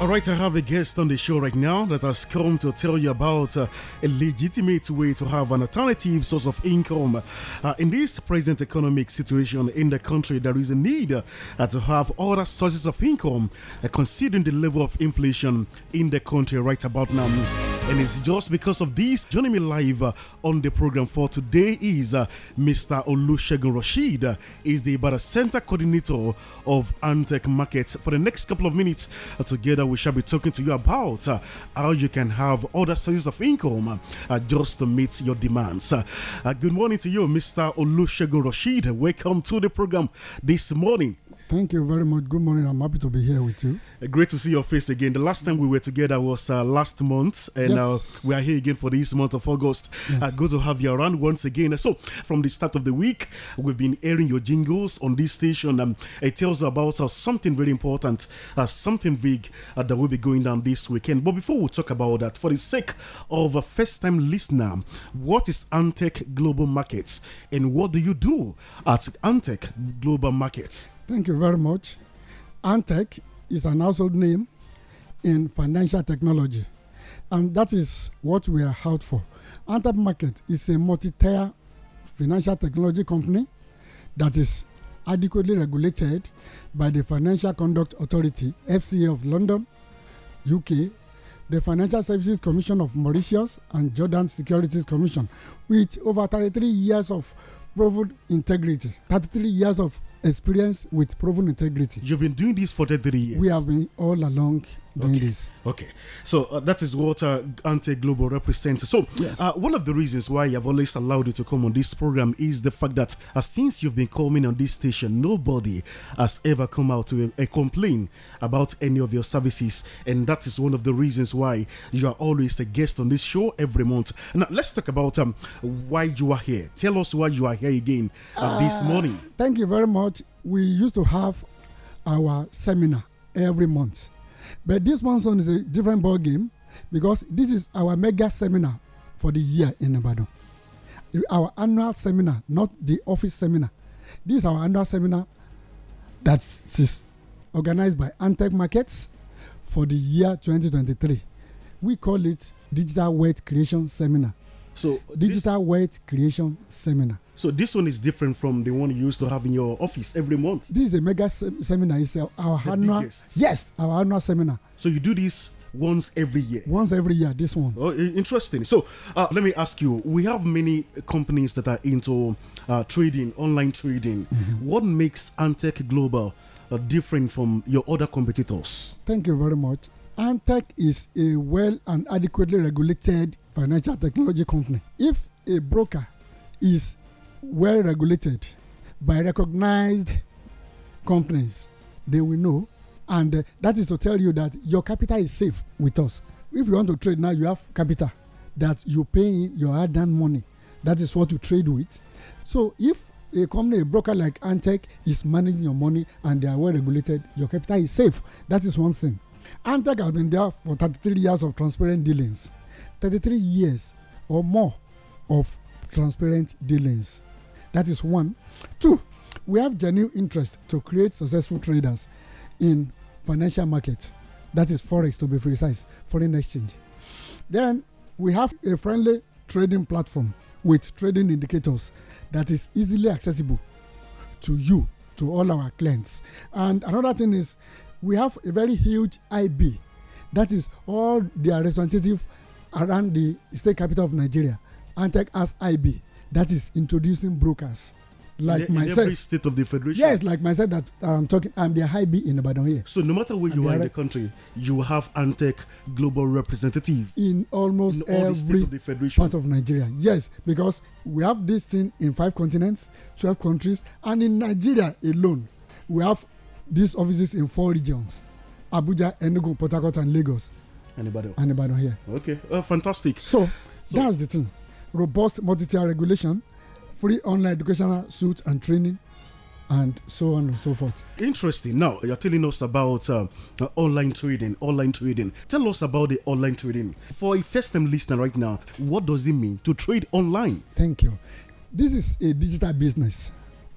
All right, I have a guest on the show right now that has come to tell you about uh, a legitimate way to have an alternative source of income. Uh, in this present economic situation in the country, there is a need uh, to have other sources of income, uh, considering the level of inflation in the country right about now. And it's just because of this, joining me live uh, on the program for today is uh, Mr. Olusegun Rashid, uh, is the Ibadan Center Coordinator of Antech Markets. For the next couple of minutes, together that we shall be talking to you about uh, how you can have other sources of income uh, just to meet your demands. Uh, good morning to you, Mr. Olushegun Rashid. Welcome to the program this morning. Thank you very much. Good morning. I'm happy to be here with you. Uh, great to see your face again. The last time we were together was uh, last month, and yes. uh, we are here again for this month of August. Yes. Uh, good to have you around once again. So, from the start of the week, we've been airing your jingles on this station. Um, it tells about uh, something very important, uh, something big that will be going down this weekend. But before we talk about that, for the sake of a first time listener, what is Antec Global Markets and what do you do at Antec Global Markets? Thank you very much. Antech is an household name in financial technology, and that is what we are out for. Antech Market is a multi-tier financial technology company that is adequately regulated by the Financial Conduct Authority (FCA) of London, UK, the Financial Services Commission of Mauritius, and Jordan Securities Commission, with over 33 years of proven integrity. 33 years of experience with proven integrity. You've been doing this for 33 years. We have been all along doing okay. this. Okay, so uh, that is what uh, Ante Global represents. So, yes. uh, one of the reasons why I've always allowed you to come on this program is the fact that uh, since you've been coming on this station, nobody has ever come out to a, uh, a complain about any of your services, and that is one of the reasons why you are always a guest on this show every month. Now, let's talk about um, why you are here. Tell us why you are here again uh, this uh, morning. Thank you very much. We used to have our seminar every month But this one song is a different ball game because this is our mega seminar for the year in Ibadan. Our annual seminar, not the office seminar. This is our annual seminar that is organized by Antech Markets for the year 2023. We call it Digital Wealth Creation Seminar. So digital wealth creation seminar. So this one is different from the one you used to have in your office every month. This is a mega seminar. It's our the annual. Biggest. Yes, our annual seminar. So you do this once every year. Once every year, this one. Oh, interesting. So uh, let me ask you: We have many companies that are into uh, trading, online trading. Mm -hmm. What makes Antec Global uh, different from your other competitors? Thank you very much. Antech is a well and adequately regulated financial technology company. If a broker is well regulated by recognized companies, they will know. And uh, that is to tell you that your capital is safe with us. If you want to trade now, you have capital that you pay your hard earned money. That is what you trade with. So if a company, a broker like Antech is managing your money and they are well regulated, your capital is safe. That is one thing. Antec has been there for 33 years of transparent dealings, 33 years or more of transparent dealings. That is one. Two, we have genuine interest to create successful traders in financial market. That is forex to be precise, foreign exchange. Then we have a friendly trading platform with trading indicators that is easily accessible to you to all our clients. And another thing is we have a very huge IB, that is all their representative around the state capital of Nigeria. ANTEC as IB, that is introducing brokers. Like in, e-, myself, in every state of the federation. Yes, like myself that I'm talking, I'm the IB in Ibadan here. So no matter where and you are in the country, you have ANTEC global representative in almost in every of part of Nigeria. Yes, because we have this thing in five continents, twelve countries, and in Nigeria alone, we have these offices in four regions Abuja, Enugu, Port Harcourt, and Lagos. And Ibadan. here. Okay, uh, fantastic. So, so, that's the thing robust multi tier regulation, free online educational suit and training, and so on and so forth. Interesting. Now you're telling us about um, uh, online trading. Online trading. Tell us about the online trading for a first-time listener right now. What does it mean to trade online? Thank you. This is a digital business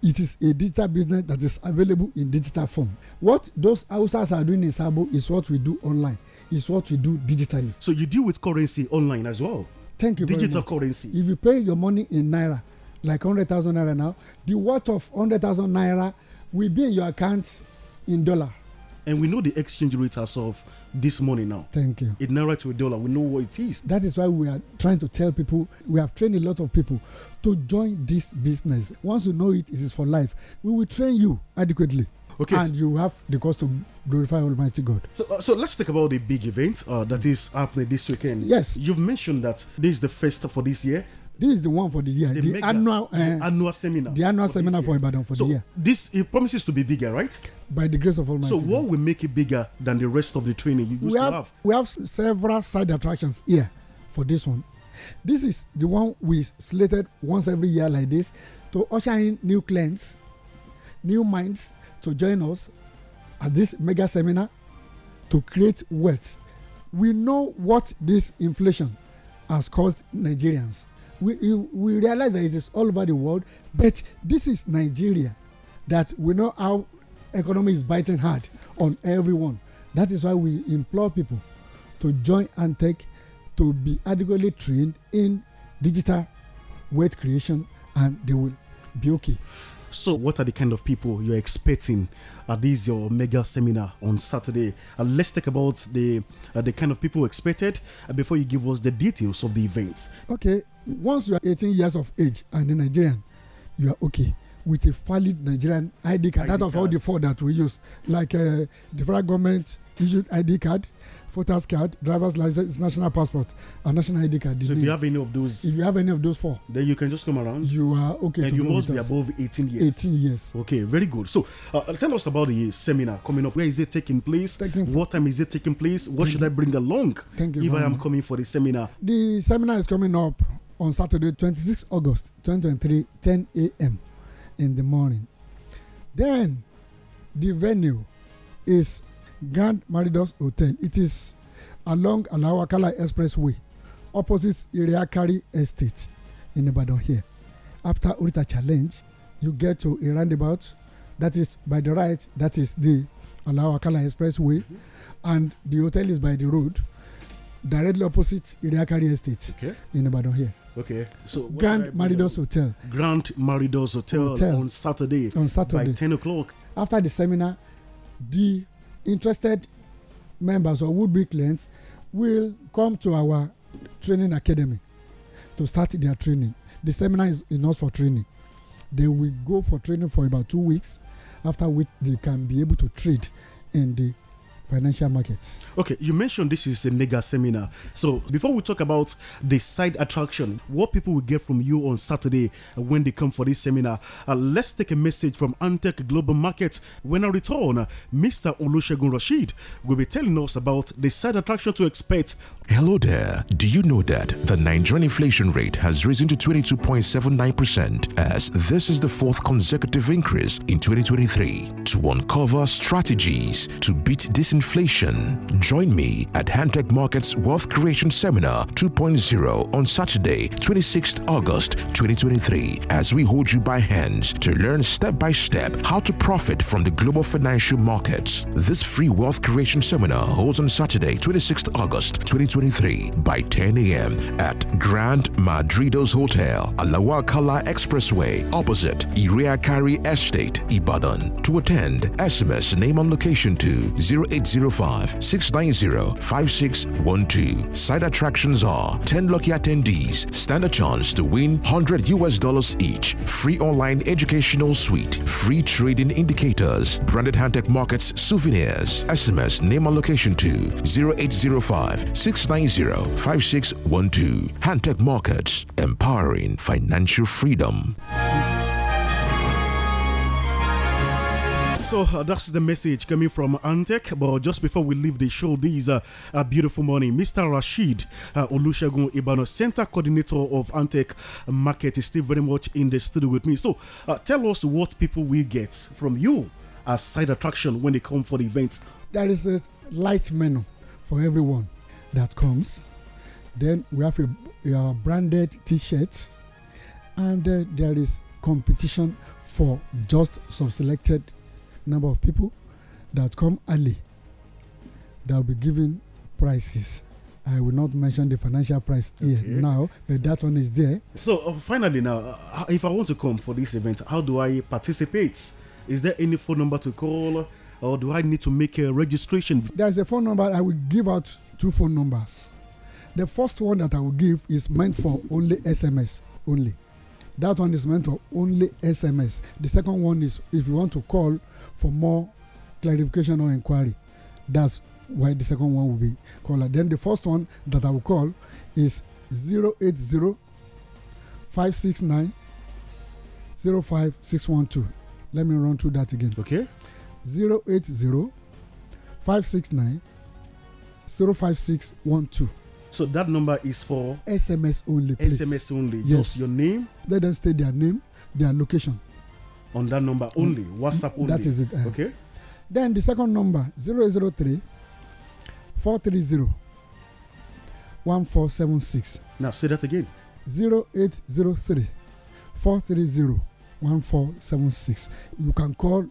it is a digital business that is available in digital form what those hausas are doing in sabo is what we do online is what we do digitally. so you deal with currency online as well. thank you digital currency. if you pay your money in naira like hundred thousand naira now the worth of hundred thousand naira will be in your account in dollar. and we know the exchange rate as of this money now. Thank you. It narrows to a dollar. We know what it is. That is why we are trying to tell people. We have trained a lot of people to join this business. Once you know it, it is for life. We will train you adequately. Okay. And you have the cost to glorify Almighty God. So, uh, so let's talk about the big event uh, that is happening this weekend. Yes. You've mentioned that this is the first for this year. this is the one for the year they the annual the, eh, annual seminar the annual seminar for Ibadan for so the year So this it promises to be bigger right by the grace of Almighty so what will make it bigger than the rest of the training you used we have, have, we have several side attractions here for this one this is the one we slated once every year like this to usher in new clients new minds to join us at this mega seminar to create wealth we know what this inflation has caused Nigerians we, we realize that it is all over the world, but this is Nigeria that we know how economy is biting hard on everyone. That is why we implore people to join Antec to be adequately trained in digital wealth creation and they will be okay. So, what are the kind of people you're expecting at uh, this your mega seminar on Saturday? Uh, let's talk about the uh, the kind of people expected uh, before you give us the details of the events. Okay, once you are 18 years of age and a Nigerian, you are okay with a valid Nigerian ID card. out of all the four that we use, like uh, the federal government issued ID card, voters card, driver's license, national passport, and national ID card. So if you have any of those, if you have any of those four, then you can just come around. You are okay. And you must be us. above 18 years. 18 years. Okay, very good. So uh, tell us about the seminar coming up. Where is it taking place? Taking what time is it taking place? What should you. I bring along? Thank you. If I am coming for the seminar, the seminar is coming up on Saturday, 26 August 2023, 10 a.m. in the morning. Then the venue is Grand Maridos Hotel. It is along Alawakala Expressway, opposite Iriakari Estate in Ibadan here. After Urita Challenge, you get to a roundabout that is by the right, that is the Alawakala Expressway, mm-hmm. and the hotel is by the road, directly opposite Iriakari Estate okay. in Ibadan here. Okay. So Grand Maridos Hotel. Grand Maridos Hotel, Hotel, on Saturday. On Saturday. By 10 o'clock. After the seminar, the interested members or would be clients will come to our training academy to start their training. The seminar is, is not for training. They will go for training for about two weeks, after which they can be able to trade in the financial markets. Okay, you mentioned this is a mega seminar. So before we talk about the side attraction, what people will get from you on Saturday when they come for this seminar, uh, let's take a message from Antec Global Markets. When I return, Mr. Olusegun Rashid will be telling us about the side attraction to expect Hello there. Do you know that the Nigerian inflation rate has risen to 22.79% as this is the fourth consecutive increase in 2023? To uncover strategies to beat this inflation, join me at HandTech Markets Wealth Creation Seminar 2.0 on Saturday, 26th August 2023, as we hold you by hands to learn step by step how to profit from the global financial markets. This free wealth creation seminar holds on Saturday, 26th August 2023 2023 by 10 a.m. at Grand Madridos Hotel, Alawakala Expressway, opposite Iriakari Estate, Ibadan. To attend, SMS name on location to 0805 690 5612. Side attractions are 10 lucky attendees stand a chance to win 100 US dollars each, free online educational suite, free trading indicators, branded handtech markets souvenirs. SMS name on location to 0805 690 690 5612. Hantech Markets, empowering financial freedom. So uh, that's the message coming from Antec. But just before we leave the show, this uh, beautiful morning, Mr. Rashid uh, Olushagun Ibano, Center Coordinator of Antec Market, is still very much in the studio with me. So uh, tell us what people will get from you as side attraction when they come for the event. There is a light menu for everyone that comes. Then we have a, a branded t shirt, and uh, there is competition for just some selected number of people that come early that will be given prices. I will not mention the financial price okay. here now, but that one is there. So, uh, finally, now, uh, if I want to come for this event, how do I participate? Is there any phone number to call, or do I need to make a registration? There's a phone number I will give out two phone numbers. The first one that I will give is meant for only SMS only. That one is meant for only SMS. The second one is if you want to call for more clarification or inquiry. That's why the second one will be called. Then the first one that I will call is 080 569 05612. Let me run through that again. Okay. 080 569 Zero five six one two, So that number is for SMS only. Please. SMS only. Yes. Just your name. Let them state their name, their location. On that number only. Mm. WhatsApp only. That is it. Uh, okay. Then the second number zero zero zero. eight three, three four One four seven six. Now say that again. Zero zero zero, eight three, three four one four seven six. You can call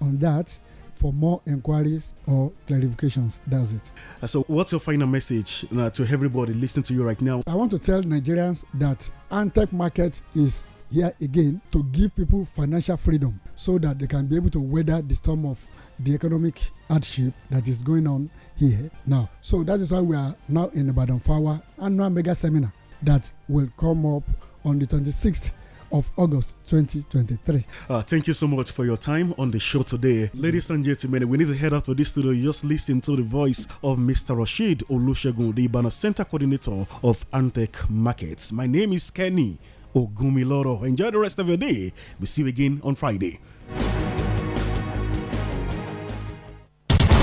on that for more inquiries or clarifications. That's it. Uh, so, what's your final message uh, to everybody listening to you right now? I want to tell Nigerians that Antec Market is here again to give people financial freedom so that they can be able to weather the storm of the economic hardship that is going on here now. So that is why we are now in the Badon Fawa annual mega seminar that will come up on the 26th of August 2023. Uh, ah, thank you so much for your time on the show today. Ladies and gentlemen, we need to head out to this studio. Just listen to the voice of Mr. Rashid Olusegun, the Ibana Center Coordinator of Antec Markets. My name is Kenny Ogumiloro. Enjoy the rest of your day. we will see you again on Friday.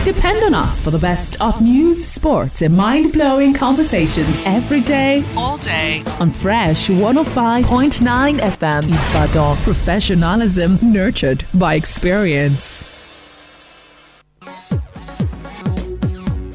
Depend on us for the best of news, sports, and mind blowing conversations every day, all day on Fresh 105.9 FM. Ibadan. Professionalism nurtured by experience.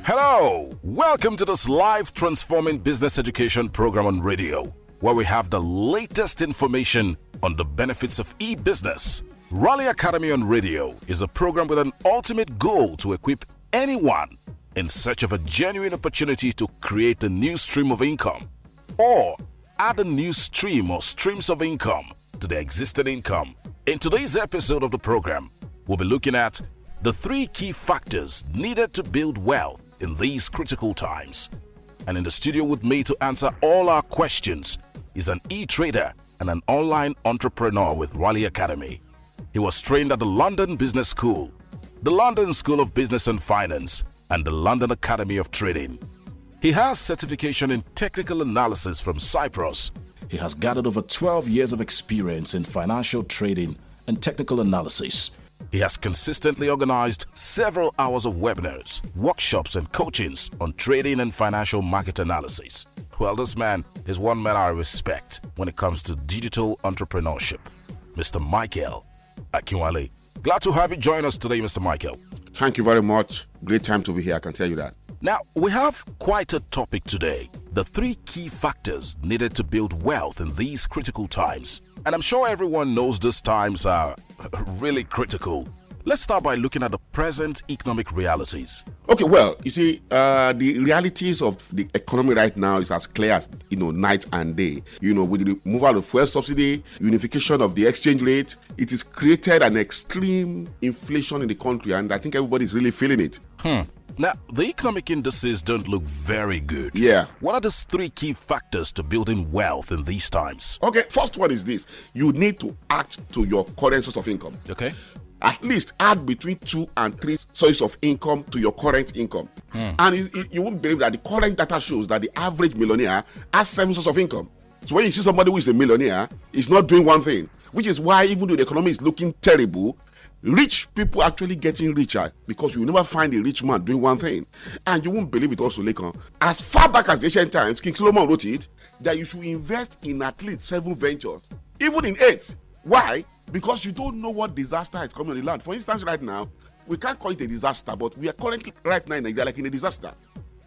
Hello! Welcome to this live transforming business education program on radio, where we have the latest information on the benefits of e business Raleigh Academy on Radio is a program with an ultimate goal to equip anyone in search of a genuine opportunity to create a new stream of income or add a new stream or streams of income to their existing income. In today's episode of the program, we'll be looking at the three key factors needed to build wealth in these critical times. And in the studio with me to answer all our questions is an e trader and an online entrepreneur with Raleigh Academy. He was trained at the London Business School, the London School of Business and Finance, and the London Academy of Trading. He has certification in technical analysis from Cyprus. He has gathered over 12 years of experience in financial trading and technical analysis. He has consistently organized several hours of webinars, workshops, and coachings on trading and financial market analysis. Well, this man is one man I respect when it comes to digital entrepreneurship, Mr. Michael Akinwale. Glad to have you join us today, Mr. Michael. Thank you very much. Great time to be here, I can tell you that. Now, we have quite a topic today the three key factors needed to build wealth in these critical times. And I'm sure everyone knows these times are really critical. Let's start by looking at the present economic realities. Okay, well, you see, uh, the realities of the economy right now is as clear as you know, night and day. You know, with the removal of fuel subsidy, unification of the exchange rate, it has created an extreme inflation in the country, and I think everybody's really feeling it. Hmm. Now, the economic indices don't look very good. Yeah. What are the three key factors to building wealth in these times? Okay, first one is this you need to act to your current source of income. Okay at least add between two and three sources of income to your current income. Mm. And you won't believe that the current data shows that the average millionaire has seven sources of income. So when you see somebody who is a millionaire, is not doing one thing, which is why even though the economy is looking terrible, rich people actually getting richer because you never find a rich man doing one thing. And you won't believe it also, Lincoln. As far back as ancient times, King Solomon wrote it that you should invest in at least seven ventures, even in eight. Why? because you don't know what disaster is coming on the land. For instance, right now, we can't call it a disaster, but we are currently right now in Nigeria like in a disaster.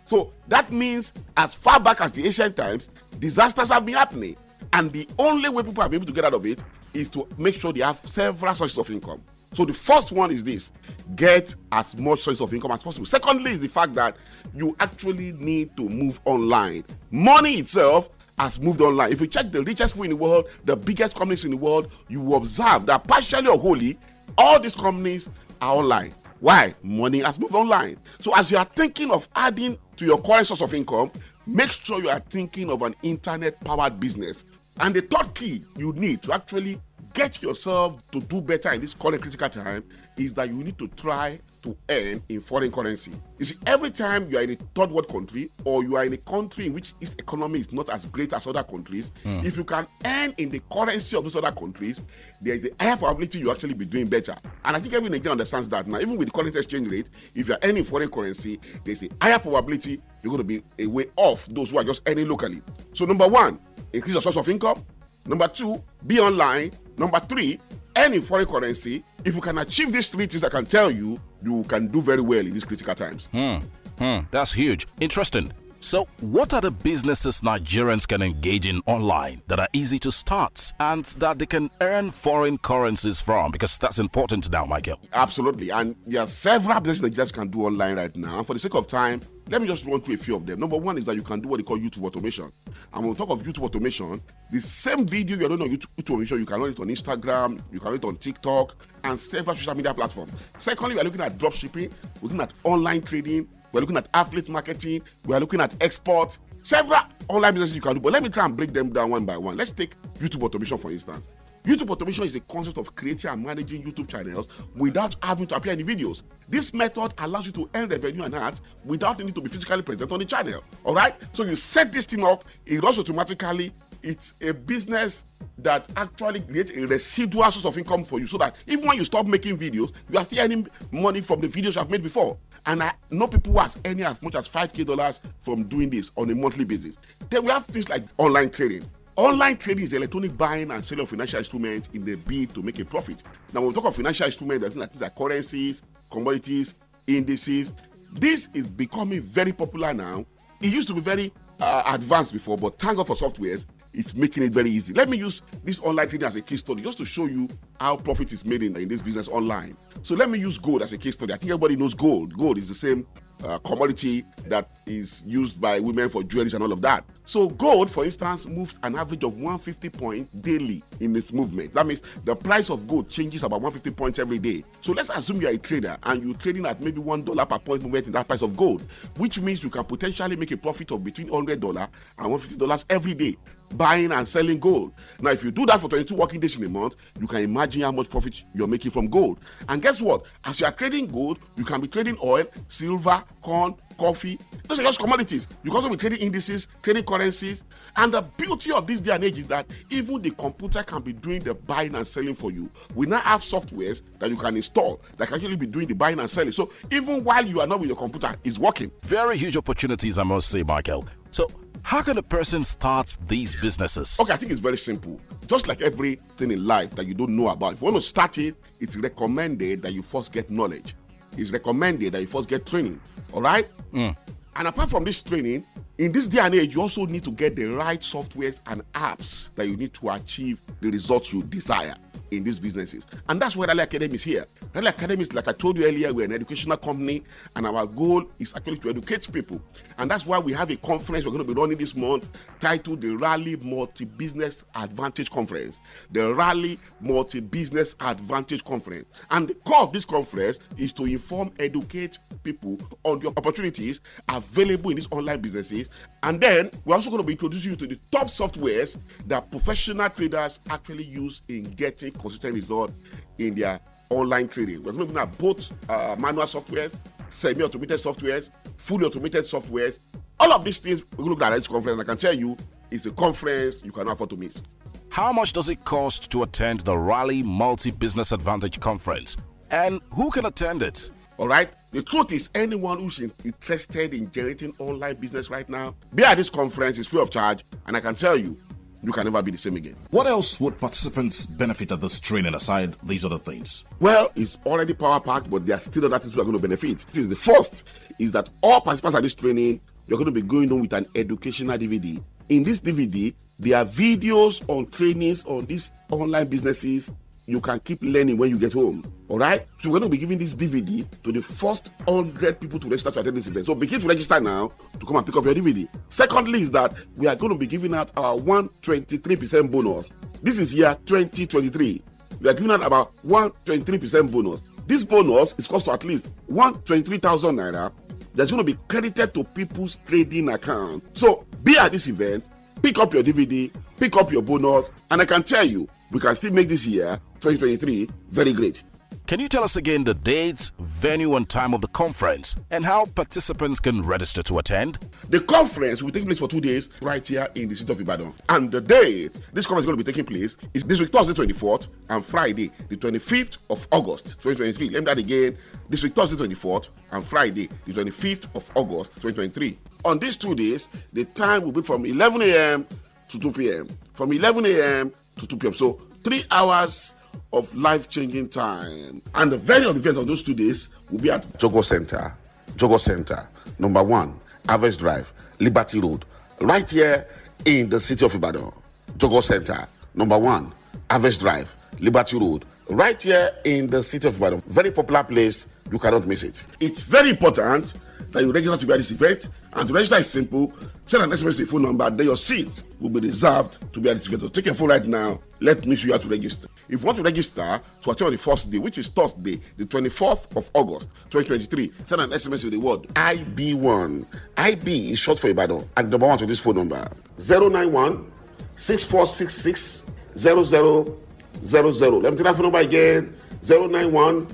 So that means as far back as the ancient times, disasters have been happening. And the only way people have been able to get out of it is to make sure they have several sources of income. So the first one is this get as much source of income as possible. Secondly, is the fact that you actually need to move online. Money itself has moved online. If you check the richest people in the world, the biggest companies in the world, you will observe that partially or wholly, all these companies are online. Why? Money has moved online. So as you are thinking of adding to your current source of income, make sure you are thinking of an internet powered business. And the third key you need to actually get yourself to do better in this current critical time is that you need to try to earn in foreign currency. You see, every time you are in a third world country or you are in a country in which its economy is not as great as other countries, mm. if you can earn in the currency of those other countries, there is a higher probability you actually be doing better. And I think everyone again understands that now. Even with the current exchange rate, if you are earning foreign currency, there's a higher probability you're going to be a way off those who are just earning locally. So number one, increase your source of income. Number two, be online. Number three, earn in foreign currency if you can achieve these three things, I can tell you, you can do very well in these critical times. Hmm. Hmm. That's huge. Interesting. So, what are the businesses Nigerians can engage in online that are easy to start and that they can earn foreign currencies from? Because that's important now, Michael. Absolutely. And there are several businesses that just can do online right now. And for the sake of time, Let me just run through a few of them. Number one is that you can do what they call YouTube automation. And when we talk of YouTube automation, the same video you're doing on YouTube automation, you can run it on Instagram, you can run it on TikTok, and several social media platforms. Secondly, we're looking at dropshipping, we're looking at online trading, we're looking at affiliate marketing, we're looking at export, several online businesses you can do. But let me try and break them down one by one. Let's take YouTube automation, for instance. YouTube automation is the concept of creating and managing YouTube channels without having to appear in videos. This method allows you to earn revenue and ads without needing to be physically present on the channel. All right, so you set this thing up, it runs automatically. It's a business that actually creates a residual source of income for you so that even when you stop making videos, you are still earning money from the videos you've made before. And I know people who are earning as much as 5k dollars from doing this on a monthly basis. Then we have things like online trading. Online trading is electronic buying and selling of financial instruments in the bid to make a profit. Now, when we talk of financial instruments, I think that these are currencies, commodities, indices. This is becoming very popular now. It used to be very uh, advanced before, but thank God for softwares, it's making it very easy. Let me use this online trading as a case study just to show you how profit is made in, in this business online. So let me use gold as a case study. I think everybody knows gold. Gold is the same uh, commodity that is used by women for jewelry and all of that. So gold, for instance, moves an average of 150 points daily in its movement. That means the price of gold changes about 150 points every day. So let's assume you are a trader and you're trading at maybe one dollar per point movement in that price of gold, which means you can potentially make a profit of between 100 dollar and 150 dollars every day buying and selling gold. Now, if you do that for 22 working days in a month, you can imagine how much profit you're making from gold. And guess what? As you are trading gold, you can be trading oil, silver, corn, coffee. Those are just commodities. You can also be trading indices, trading currencies. And the beauty of this day and age is that even the computer can be doing the buying and selling for you. We now have softwares that you can install that can actually be doing the buying and selling. So even while you are not with your computer, it's working. Very huge opportunities, I must say, Michael. So how can a person start these businesses? Okay, I think it's very simple. Just like everything in life that you don't know about, if you want to start it, it's recommended that you first get knowledge. It's recommended that you first get training. All right? Mm. And apart from this training, in this day and age, you also need to get the right softwares and apps that you need to achieve the results you desire in these businesses. And that's why Rally Academy is here. Rally Academy is, like I told you earlier, we're an educational company, and our goal is actually to educate people. And that's why we have a conference we're going to be running this month titled the Rally Multi Business Advantage Conference. The Rally Multi Business Advantage Conference. And the core of this conference is to inform, educate people on the opportunities available in these online businesses. And then we're also going to be introducing you to the top softwares that professional traders actually use in getting consistent result in their online trading. We're looking at both uh, manual softwares, semi-automated softwares, fully automated softwares. All of these things we're looking at this conference. I can tell you, it's a conference you cannot afford to miss. How much does it cost to attend the Rally Multi Business Advantage Conference? And who can attend it? All right. The truth is, anyone who's interested in generating online business right now, be at this conference is free of charge. And I can tell you, you can never be the same again. What else would participants benefit at this training aside these other things? Well, it's already power packed, but there are still other things we are going to benefit. This is the first is that all participants at this training, you're going to be going on with an educational DVD. In this DVD, there are videos on trainings on these online businesses you can keep learning when you get home. All right. So we're going to be giving this DVD to the first hundred people to register to attend this event. So begin to register now to come and pick up your DVD. Secondly, is that we are going to be giving out our 123% bonus. This is year 2023. We are giving out about 123% bonus. This bonus is cost to at least 123,000 naira. That's going to be credited to people's trading account. So be at this event, pick up your DVD, pick up your bonus, and I can tell you we can still make this year, 2023, very great. Can you tell us again the dates, venue, and time of the conference, and how participants can register to attend? The conference will take place for two days right here in the city of Ibadan. And the date this conference is going to be taking place is this week, Thursday 24th, and Friday, the 25th of August 2023. Let me that again this week, Thursday 24th, and Friday, the 25th of August 2023. On these two days, the time will be from 11 a.m. to 2 p.m., from 11 a.m. to 2 p.m. So three hours of life-changing time. And the very of the event of those two days will be at Jogo Center. Jogo Center, number one, Average Drive, Liberty Road, right here in the city of Ibadan. Jogo Center, number one, Average Drive, Liberty Road, right here in the city of Ibadan. Very popular place. You cannot miss it. It's very important that you register to be at this event. And to register is simple. Send an SMS to your phone number, then your seat will be reserved to be activated. Take your phone right now. Let me show you how to register. If you want to register to attend the first day, which is Thursday, the 24th of August, 2023, send an SMS to the word IB1. IB is short for Ibadan. And number one to this phone number 091 6466 0000. Let me take that phone number again 091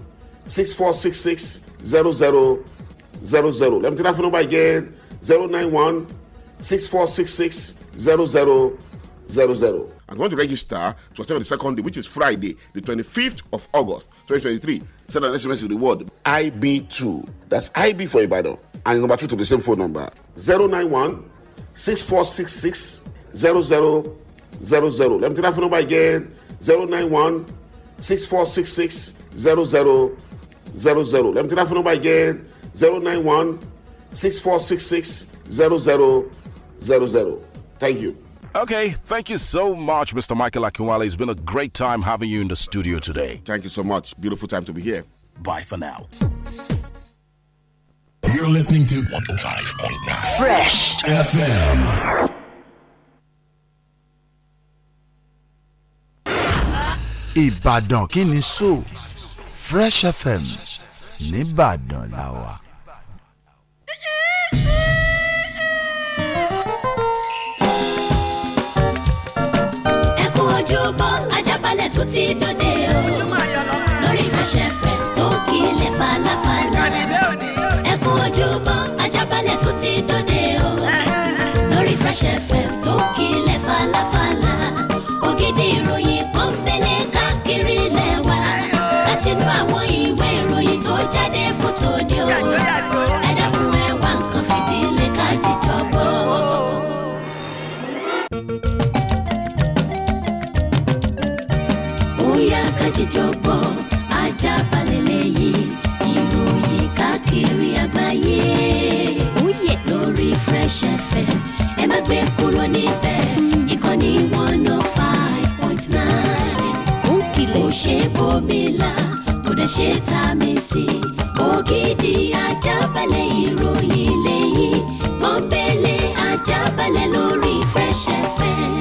6466 0000. Let me take that phone number again 091 6466 0000. I want to register to attend on the second day, which is Friday, the 25th of August 2023. Send an SMS to the word IB2. That's IB for Ibadan. And number two to the same phone number 091 6466 0000. Let me take that phone number again 091 6466 0000. Let me take that phone number again Zero nine one 6466 Thank you. Okay, thank you so much, Mr. Michael Akinwale. It's been a great time having you in the studio today. Thank you so much. Beautiful time to be here. Bye for now. You're listening to 105.9 Fresh FM. Ibadan kini so Fresh FM Nibadan lawa. ẹ kú ojúbọ ajábalẹ̀ tó ti dòde o lórí fẹsẹ̀fẹ̀ tó kílẹ̀ falafala ẹ kú ojúbọ ajábalẹ̀ tó ti dòde o lórí fẹsẹ̀fẹ̀ tó kílẹ̀ falafala ògidì ìròyìn kan fẹlẹ̀ káàkiri lẹ́wà látinú àwọn ìwé ìròyìn tó jáde fótó. kájíjọ́gbọ́ Ajaabale lẹ́yìn ìròyìn káàkiri àgbáyé. Ó oh yẹ lórí Fresh FM ẹ má gbé kúrò níbẹ̀ ìkànnì one oh five point nine. Ó kìlẹ̀ kò ṣe bomi la kò dẹ̀ ṣe ta mi sí. Ògidì Ajaabale ìròyìn lẹ́yìn pọ́npẹ́lẹ́ Ajaabale lórí Fresh FM.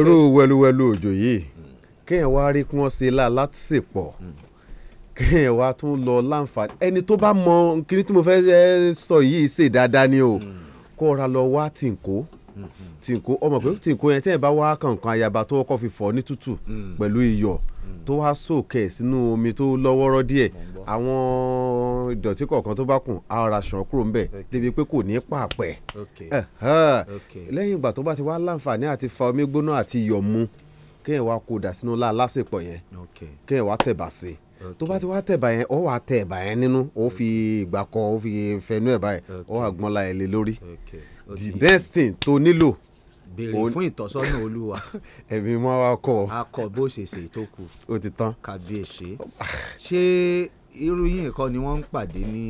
irú wẹluwẹlu òjò yìí kéèyàn wá rí kí wọ́n ṣe la látìsèpọ̀ kéèyàn wá tún lọ láǹfààní ẹni tó bá mọ kíní tí mo fẹ́ sọ yìí ṣe dáadáa ni o kó ra lọ wá tìǹkó tìǹkó ọmọ pé tìǹkó yẹn tẹ́yìn bá wá kàǹkàn ayaba tó kọ́ fi fọ́ ní tútù hmm. pẹ̀lú iyọ̀ tó wá sóòkè sínú omi tó lọ́wọ́rọ́ díẹ̀ àwọn ìdọ̀tí kọ̀ọ̀kan tó bá kùn ara ṣàn kúrò ńbẹ̀ débi pé kò ní pàpẹ́ lẹ́yìn ìgbà tó bá ti wá láǹfààní àti fa omi gbóná àti iyọ̀ mu kéèyàn wá kó dà sínú lásìkò yẹn kéèyàn wá tẹ̀bà sí i tó bá ti wá tẹ̀bà yẹn ó wá tẹ ẹ̀bà yẹn nínú ó fi ìgbà kan ó fi fẹnu ẹ̀bà yẹn ó wá gbọ́n la ẹ̀ lé lórí the next thing tó nílò béèrè fún ìtọ́sọ́nà olúwa. ẹ̀mí mọ́ wa kọ̀. a kọ̀ bó ṣe ṣe tó kù. ó ti tán. kàbíyèsí ṣé irú yìí nǹkan ni wọ́n ń pàdé ní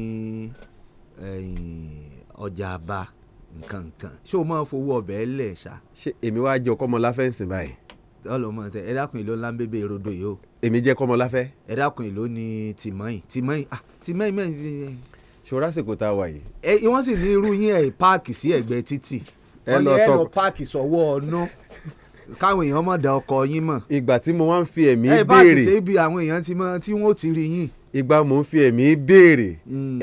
ọjà àbá nǹkan nǹkan ṣé o máa fowó ọbẹ̀ lẹ̀ ṣá. ṣé èmi wá jẹ ọkọ ọmọ láfẹ́ǹsì báyìí. ọlọmọ tẹ ẹ dákun ìlú ńlá ń bébè rodo yìí o. èmi jẹ kọmọ láfẹ́. ẹ dákun ìlú ni tìmọ́yìn tìmọ́yìn ah tìmọ́yìn mẹ́rin. ṣòro àsìkò tá a wà yìí. ẹ wọ́n sì ní irú yín ẹ̀ páàkì sí ẹ̀gbẹ́ títì ẹ lọ tọ ẹ lọ páàkì káwọn èèyàn mọ̀ da ọkọ yín mọ̀. ìgbà tí mo máa ń fi ẹ̀mí béèrè ẹ báàkì àwọn èèyàn ti mọ tí ti rí yín. ìgbà ń fi ẹ̀mí béèrè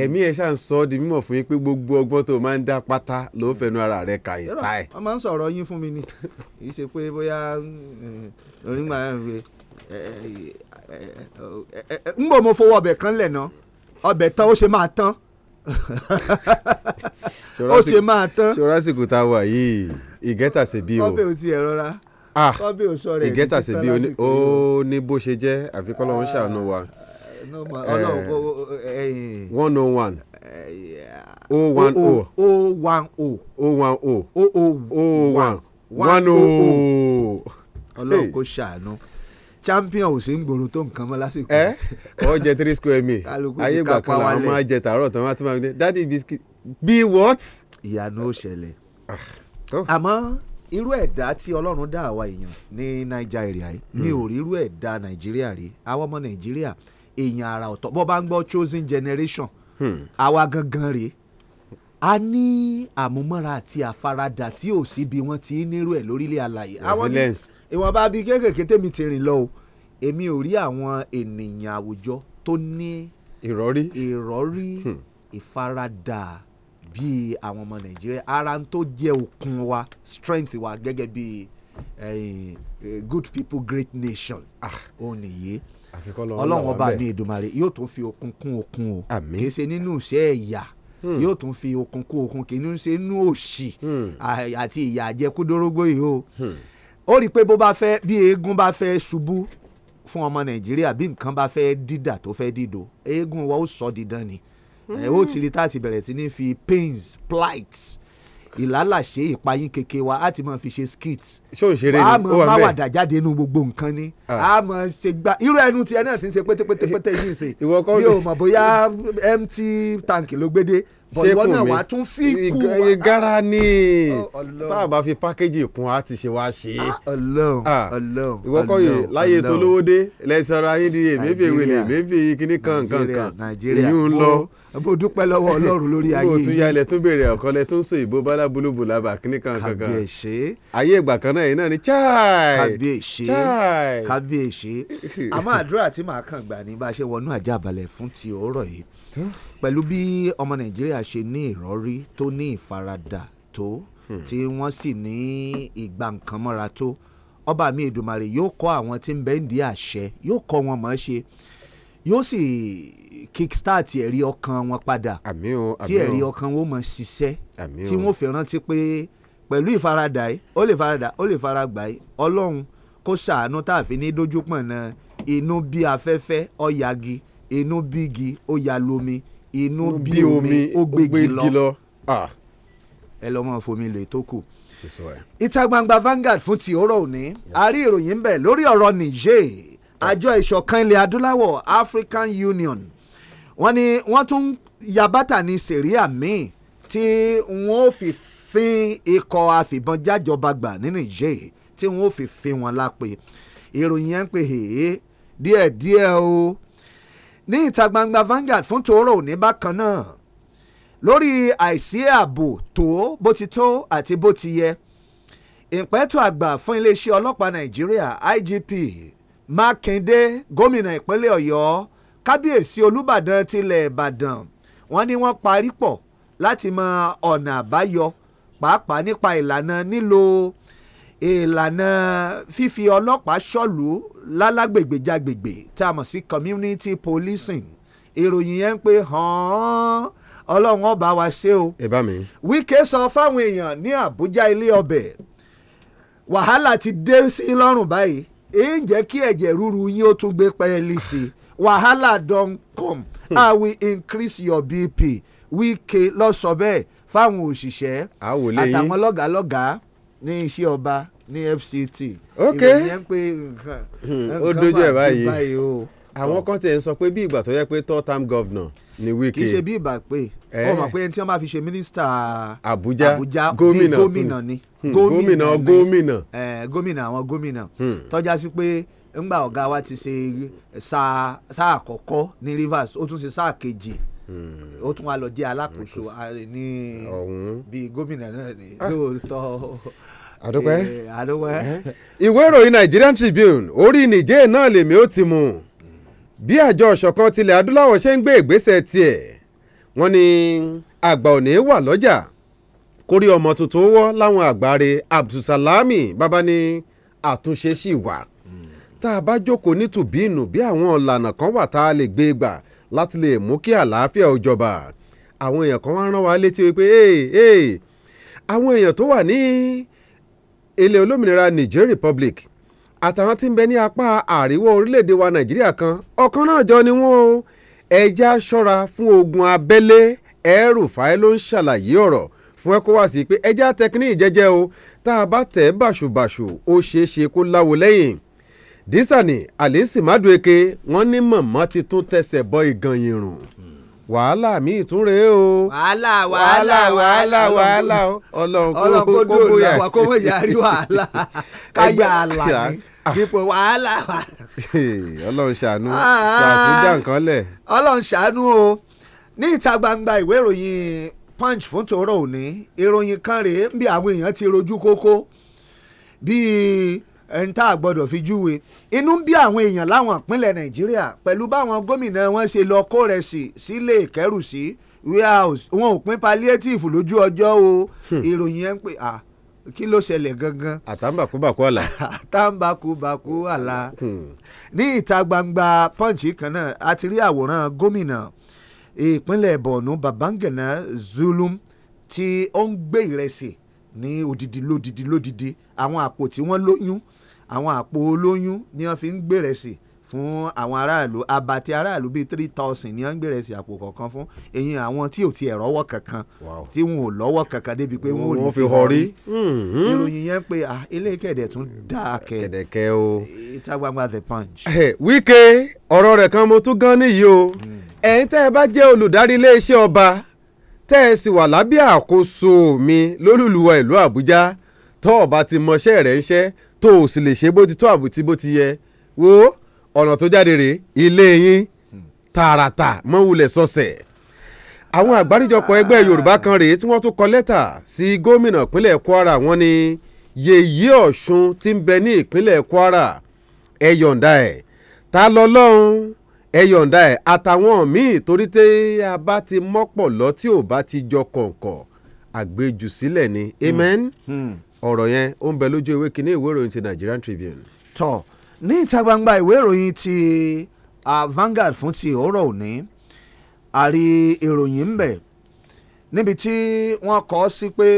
ẹ̀mí ẹ̀ ṣáà ń sọ ọ́ di mímọ̀ fún yín pé gbogbo ọgbọ́n tó máa ń dá pátá ló fẹnu ara rẹ̀ kà style. wọ́n máa ń fún mi ni kì í ṣe pé bóyá onígbà ń bò ó ṣe máa tán. ṣòro àsìkò tá a wà yìí ìgẹ́ta ṣe bí o. kọ́bẹ̀ ò tiẹ̀ rọra ah, kọ́bẹ̀ ò sọ rẹ̀ ìgẹ́ta ṣe bí o ó ní bó ṣe jẹ́ àfi kọ́lọ́run ṣàánú wa. one oh one eh, o oh one o oh, o oh. one o o one o o o one one o. ọlọ́run kò ṣàánú champion ò sí ń gbòòrò tó nǹkan mọ́ lásìkò. ẹ ọ jẹ three square meal ayé gbà kan làwọn máa jẹ tààrọ̀ tán wọn ti máa gbé dadi biscuit bí what. ìyanu ó ṣẹlẹ̀ ah, àmọ́ irú ẹ̀dá tí ọlọ́run dá àwa èèyàn ní nàìjíríà yìí ni hmm. ò rí irú ẹ̀dá nàìjíríà rí àwọn ọmọ nàìjíríà èèyàn àrà ọ̀tọ̀ bọ́ bá ń gbọ́ chosen generation hmm. àwa gangan rèé a ní àmúmọ́ra àti àfaradà tí ò sí bí wọ́n ti nírú ẹ̀ lórílẹ̀ àlàyé. resilience. ìwọ̀nba bíi kéékèèké tèmi ti rìn lọ o èmi ò rí àwọn ènìyàn àwùjọ tó ní ìrọ́rí ìrọ́rí hmm. ìfaradà bíi àwọn ọmọ nàìjíríà ara tó jẹ́ okun wa strength wa gẹ́gẹ́ bíi eh, eh, good people great nation ó ah. nìyí ọlọ́run ọba mi Èdùmàrè yóò tún fi okun kún okun o kì í ṣe nínú iṣẹ́ ẹ̀yà hmm. yóò tún fi okun kún okun kì í ṣe nínú òṣì hmm. àti ìyà àjẹkúdórógbó yìí o ó rí i pé bó bá fẹ́ bí eégún bá fẹ́ ṣubú fún ọmọ nàìjíríà bí nǹkan bá fẹ́ dídà tó fẹ́ dídò eégún wa ó sọ dídán ni ẹ ó ti rí tá bẹ̀rẹ̀ sí ní fi pains plights ìlálàṣe ìpayín keke wa á ti máa fi ṣe skit wàá mọ báwàdà jáde inú gbogbo nǹkan ni á ah. mọ ṣe gba irú ẹnu tiẹ̀ náà ti ń ṣe pétépétépété yìí ṣe mi ò mọ̀ bóyá empty tank ló gbé dé ṣékùn mi ṣékùn mi tún fi kú wa. ìgara ni oh, tá a bá fi pákéjì kún a ti ṣe wá ṣe é. Ah, ọlọ́run ah, Ọlọ́run ìwọ kọ́ yìí láyé tó lówó dé lẹ́sọ̀rọ̀ ayé di èméfèwèlè èméfèyí kíní kan kan kan ìyún ń lọ bó dúpẹ́ lọ́wọ́ ọlọ́run lórí ayé yìí. bó tún yálẹ̀ tún béèrè ọ̀kọ́lẹ̀ tún so ìbò bọ́lá búlúbù làbà kíní kan kankan. kàbíyèsé. ayé ìgbà kan náà yìí náà ni chai. kàbíyèsé chai. kàbíyèsé àmọ́ àdúrà tí màá kàn gbà ní bá a ṣe wọnú àjàbalẹ̀ fún ti òórọ̀ yìí pẹ̀lú bí ọmọ nàìjíríà ṣe ní ìrọ́rí tó ní ìfaradà tó hmm. tí wọ́n sì ní ìgbà nǹkan mọ́ra tó ọba mi Èdùmàrè yóò kọ́ àwọn tí ń bẹ ń di àṣẹ yóò kọ́ wọn mọ̀ ọ́ ṣe yóò sì kickstart ẹ̀rí ọkàn wọn padà tí ẹ̀rí ọkàn wọn mọ̀ ṣiṣẹ́ tí wọ́n fi rántí pé pẹ̀lú ìfaradà yìí ó lè faradà ó lè faragbà yìí ọlọ́run kó ṣàánú tá a fi ní dójúpọ̀n náà inú bí afẹ́fẹ́ ọ̀yagi inú bígi ó ya lomi inú bí omi ó gbégi lọ ẹ lọ́ mọ́ fomi lè tó kù ìta gbangba Vanguard fún ti òórọ̀ òní a rí ìròyìn ń bẹ lórí ọ̀rọ̀ Niger àjọ ìṣọ̀kan ilẹ̀ adúláwọ̀ African Union wọ́n ní wọ́n tún ya bàtà ní sẹ̀ríà míì tí wọ́n ó fi fín ikọ̀ àfìbọ́njàjọba gbà ní Niger tí wọ́n ó fi fín wọn lápè ìròyìn yẹn ń pè é díẹ̀díẹ̀ o ní ìta gbangba Vanguard fún tòórọ́ òní bákan náà lórí àìsí ààbò tó bó ti tó àti bó ti yẹ ìpẹ́tọ̀ àgbà fún iléeṣẹ́ ọlọ́pàá Nàìjíríà IGP Mákindé gómìnà ìpínlẹ̀ Ọ̀yọ́ kábíyèsí Olúbàdàn tilẹ̀ Ìbàdàn wọ́n ní wọ́n parí pọ̀ láti mọ ọ̀nà àbáyọ pàápàá nípa ìlànà nílò ìlànà fífi ọlọ́pàá ṣọ́lù lálágbègbèjàgbègbè tá a mọ̀ sí community policing ìròyìn yẹn ń pé hàn ọlọ́run ọba wa ṣe o. ẹ bá mi. Wike sọ fáwọn èèyàn ní Àbújá ilé ọbẹ̀ wàhálà ti dé sí lọ́rùn báyìí èyí ń jẹ́ kí ẹ̀jẹ̀ ríru yín ó tún gbé pẹ́ẹ́lí sí wàhálà don come I hmm. will increase your BP Wike lọ sọ bẹ́ẹ̀ fáwọn òṣìṣẹ́ àtàwọn lọ́gàá lọ́gàá ní iṣẹ́ ọba ní FCT. ok ìròyìn pé hmm, nǹkan ó dojú ẹ̀ báyìí àwọn kan tiẹ̀ ń sọ pé bí ìgbà tó yẹ pé third term governor ni Wike. kì í ṣe bí ìgbà pé ó mọ̀ pé ẹni tí wọ́n máa fi ṣe mínísítà Àbújá hmm, gómìnà ni gómìnà gómìnà gómìnà àwọn gómìnà hmm. tọ́já sí pé ńgbà ọ̀gá wa ti ṣe sáà àkọ́kọ́ ní Rivers ó tún ṣe sáà kejì Hmm. ó tún wá lọ jẹ́ alákòóso ní bíi gómìnà náà ni lóòótọ́ ah. àdúpẹ́ eh, àdúpẹ́. Eh. ìwé ìròyìn Nigerian Tribune orí nìjẹ́ náà lèmi ó ti mú bí àjọ ọ̀ṣọ̀kan tilẹ̀ adúláwọ̀ ṣe ń gbé ìgbésẹ̀ tiẹ̀ wọ́n ní àgbà òní wà lọ́jà kórí ọmọ tuntun wọ́ láwọn àgbáre Abdulsalami bàbá ní àtúnṣe sì wà hmm. tá a bá jókòó nítùbínú bí àwọn ọ̀lànà kan wà tá a lè gbé gbà láti lè mú kí àlàáfíà ó jọba àwọn èèyàn kan wá rán wa létí wípé àwọn èèyàn tó wà ní ilẹ̀ olómìnira Niger Republic àtàwọn tí ń bẹ ní apá àríwá orílẹ̀-èdè wa Nàìjíríà kan ọ̀kan náà jọ ni wọ́n o ẹja ṣọ́ra fún ogun abẹ́lé El-Rufai ló ń ṣàlàyé ọ̀rọ̀ fún ECOWAS pé ẹja tẹkíní ìjẹ́jẹ́ o tá a bá tẹ̀ bàṣùbàṣù ó ṣeé ṣe kó láwo lẹ́yìn dísàní àlẹ́sì mádùúkẹ́ wọ́n ní mọ̀mọ́ ti tún tẹsẹ̀ bọ ìgànyìn irun. wàhálà míì tún rèé o wàhálà wàhálà wàhálà wàhálà ọlọ́run kó bóyá kó bóyá rí wàhálà káyà àlà ni ah. dípò wàhálà wàhálà. ọlọrun ṣàánú ah, ah, ṣàtúndà nǹkan lẹ̀. ọlọ́run ṣàánú o ní ìta gbangba ìwé ìròyìn punch fún tòró òní ìròyìn kan rèé ń bí àwọn èèyàn ti rojú kókó bíi ẹni tá a gbọ́dọ̀ fi júwe inú ń bí àwọn èèyàn láwọn ìpínlẹ̀ nàìjíríà pẹ̀lú báwọn gómìnà wọn ṣe lọ kó rẹ̀ sí sílé ìkẹ́rùsí warehouse wọn ò pín palliative lójú ọjọ́ o hmm. ìròyìn ẹ̀ ń pè à kí ló ṣẹlẹ̀ gangan. àtàǹbàkúbàkú àlà. àtàǹbàkúbàkú àlà. Hmm. ní ìta gbangba punch kan náà a ti rí àwòrán gómìnà ìpínlẹ̀ borno babangana zulum tí ó ń gbé ìrẹsì ní odidi lódidi lódidi àwọn àpò tí wọ́n lóyún àwọn àpò olóyún ni wọ́n fi ń gbèrèsì fún àwọn aráàlú abàtì aráàlú bíi three thousand ni wọ́n ń gbèrèsì àpò kọ̀ọ̀kan fún èyí àwọn tí ò tiẹ̀ rọ́wọ́ kankan tí wọn ò lọ́wọ́ kankan débi pé wọn ò fi hàn rí mm-hmm. ìròyìn yẹn pé ilé ah, kẹ̀dẹ̀ tún dá kẹ̀dẹ̀kẹ́ o ìta gbangba the punch. Wike ọ̀rọ̀ rẹ̀ kan mo tún gan níyì o hmm. ẹ̀yin tẹ́ ẹ bá jẹ́ olùdarí iléeṣẹ́ ọba tẹ́ ẹ sì wà lábẹ́ àkóso mi lólùlùwà ìlú àbújá tó o bá ti mọṣẹ́ rẹ̀ ń ṣẹ́ tó o sì lè ṣe bó ti tó àbútí bó ti yẹ wo ọ̀nà tó jáde rèé ilé yín tààràtà mọ́wulẹ̀ sọ̀sẹ̀. àwọn àgbáríjọpọ̀ ẹgbẹ́ yorùbá kan rèé tí wọ́n tún kọ lẹ́tà sí gómìnà ìpínlẹ̀ kwara wọ́n ní yèyí ọ̀ṣun ti ń bẹ ní ìpínlẹ̀ kwara ẹ̀ yọ̀ǹda ẹ̀ ta lọ́lọ́run ẹ yọ̀ǹda ẹ̀ àtàwọn míì torí tẹ́ a bá ti mọ́pọ̀ lọ tí ò bá ti jọ kọ̀ǹkọ̀ àgbéjù sílẹ̀ ni hmm. amen hmm. ọ̀rọ̀ yẹn ó ń bẹ lójú ewé kínní ìwé ìròyìn ti Nigerian Tribune. tọ ní ìta gbangba ìwé ìròyìn ti uh, Vanguard fún ti òórọ̀ òní àrí ìròyìn ń bẹ níbi tí wọ́n kọ sí pé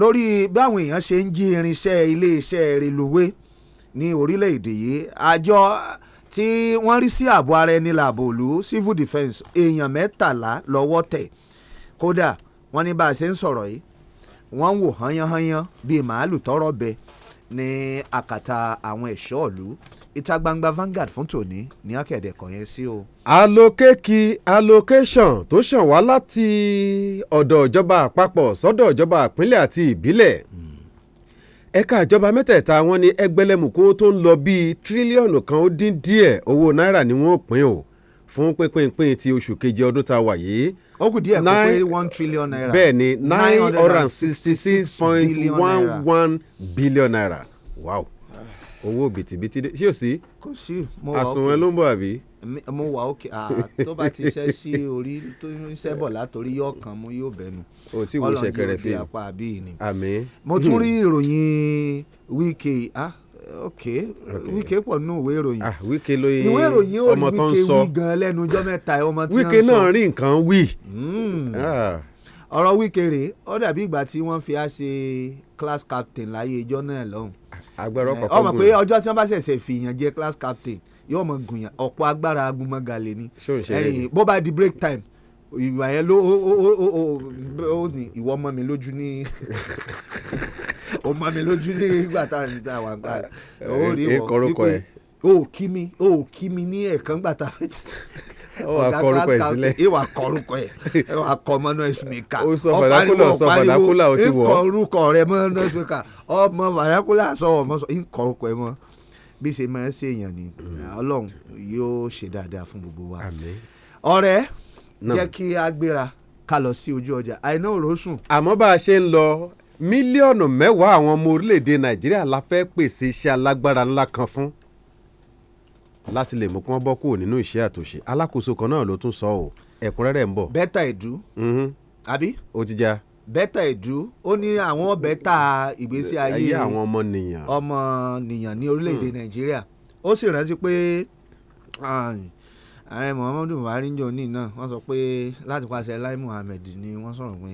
lórí báwọn èèyàn ṣe ń jí irinṣẹ́ iléeṣẹ́ reluwé ní orílẹ̀ yìí àjọ. Uh, tí wọ́n rí sí ààbò ara ẹni làbò ìlú civil defence èèyàn mẹ́tàlá lọ́wọ́ tẹ̀ kódà wọ́n ní bá a ṣe ń sọ̀rọ̀ yìí wọ́n ń wò hanyanhanyan bíi màálù tọrọ bẹ ní àkàtà àwọn ẹ̀ṣọ́ ìlú ìta gbangba Vanguard fún tòní ní akéde kan yẹn sí o. àlòkéèkì allocation tó ṣàn wá láti ọ̀dọ̀ ìjọba àpapọ̀ sọ́dọ̀ ìjọba ìpínlẹ̀ àti ìbílẹ̀. Mm ẹ̀ka ìjọba mẹ́tẹ̀ẹ̀ta wọn ní ẹgbẹ̀lẹ́mùkù tó ń lọ bíi tírílíọ̀nù kan ó dín díẹ̀ owó náírà ni wọ́n pín o fún pínpínpín ti oṣù keje ọdún tá a wà yìí. ó kù díẹ̀ pé one trillion naira. bẹ́ẹ̀ ni nine hundred and sixty six point one one billion naira wow owó bìtìbìtì ṣé o sí. kò sí mo wà ó kì í àsùnwọ̀n ló ń bọ̀ àbí mo wà ókè tó bá ti ṣe sí orí tó ń ṣẹ́bọ̀ látòrí yóò kàn mú yóò bẹ̀nu ọlọ́run yóò di apá àbí ni. mo tún rí ìròyìn wíkì ah ok wíkẹ́ pọ̀ nínú ìwé ìròyìn ah, wíkẹ́ lóye ìwé ìròyìn ó ní wíkẹ́ wí gan lẹ́nu ọjọ́ mẹ́ta ọmọ tí wọ́n sọ wíkẹ́ náà rí nǹkan wí. Hmm. Ah. ọ̀rọ̀ wíkẹ́ rèé ó dàbí ìgbà tí wọ́n fi á ṣe class captain láyé ìjọ náà lọ́hùn. agbẹ̀rọ pàpọ̀ eh, gùn ọmọ pé ọjọ́ tí wọ́n bá ṣẹ̀ṣẹ̀ fìyàn jẹ class captain yóò mọ gùnyàn ọ̀pọ̀ agbára agunmọ̀gàlè ni bó bá di break time ìwà yẹn ló ó ní ìwọ mọ mi lójú ní ó mọ mi lójú ní ìgbà tá a wà gbà ó rí wọ wípé ó kí mi ó kí mi ní ẹ̀ẹ̀kan gbà tá a fẹ́ ti ọ̀gá kọrúkọ ẹ̀ sílẹ̀ ìwà kọrúkọ ẹ̀ ìwà kọ ọmọ noise maker ó sọ fàdákùlà ìkọrúkọ rẹ mọ noise maker ọmọ fàdákùlà sọ ọmọ sọ ìkọrúkọ ẹ mọ bí ṣe máa ń ṣèyàn ni mm. ọlọ́run yóò ṣe dáadáa fún gbogbo wa ọ̀rẹ́ jẹ́ kí a gbéra ká lọ sí ojú ọjà àìná òrósùn. àmọ́ bá a ṣe ń lọ mílíọ̀nù mẹ́wàá àwọn ọmọ orílẹ̀‐èdè nàìjíríà la fẹ́ pèsè iṣẹ́ alágbára ńlá kan fún láti lè mú kí wọ́n bọ́ kúrò nínú iṣẹ́ àtòṣe alákòóso kan náà ló tún sọ ọ́ ẹ̀kúnrẹ́rẹ́ ń bọ̀. bẹ́tà ìdú mm-hmm. àbí. ó ti já bẹ́tà ìdú ó ní àwọn bẹ́tà ìgbésí ayé àwọn ọmọnìyàn ọmọnìyàn ní orílẹ̀-èdè hmm. nàìjíríà ó sì rántí pé ààrẹ muhammadu buhari ń jọ ní náà wọ́n sọ pé láti pàṣẹ lai muhammed ni wọ́n sọ̀rọ̀ pé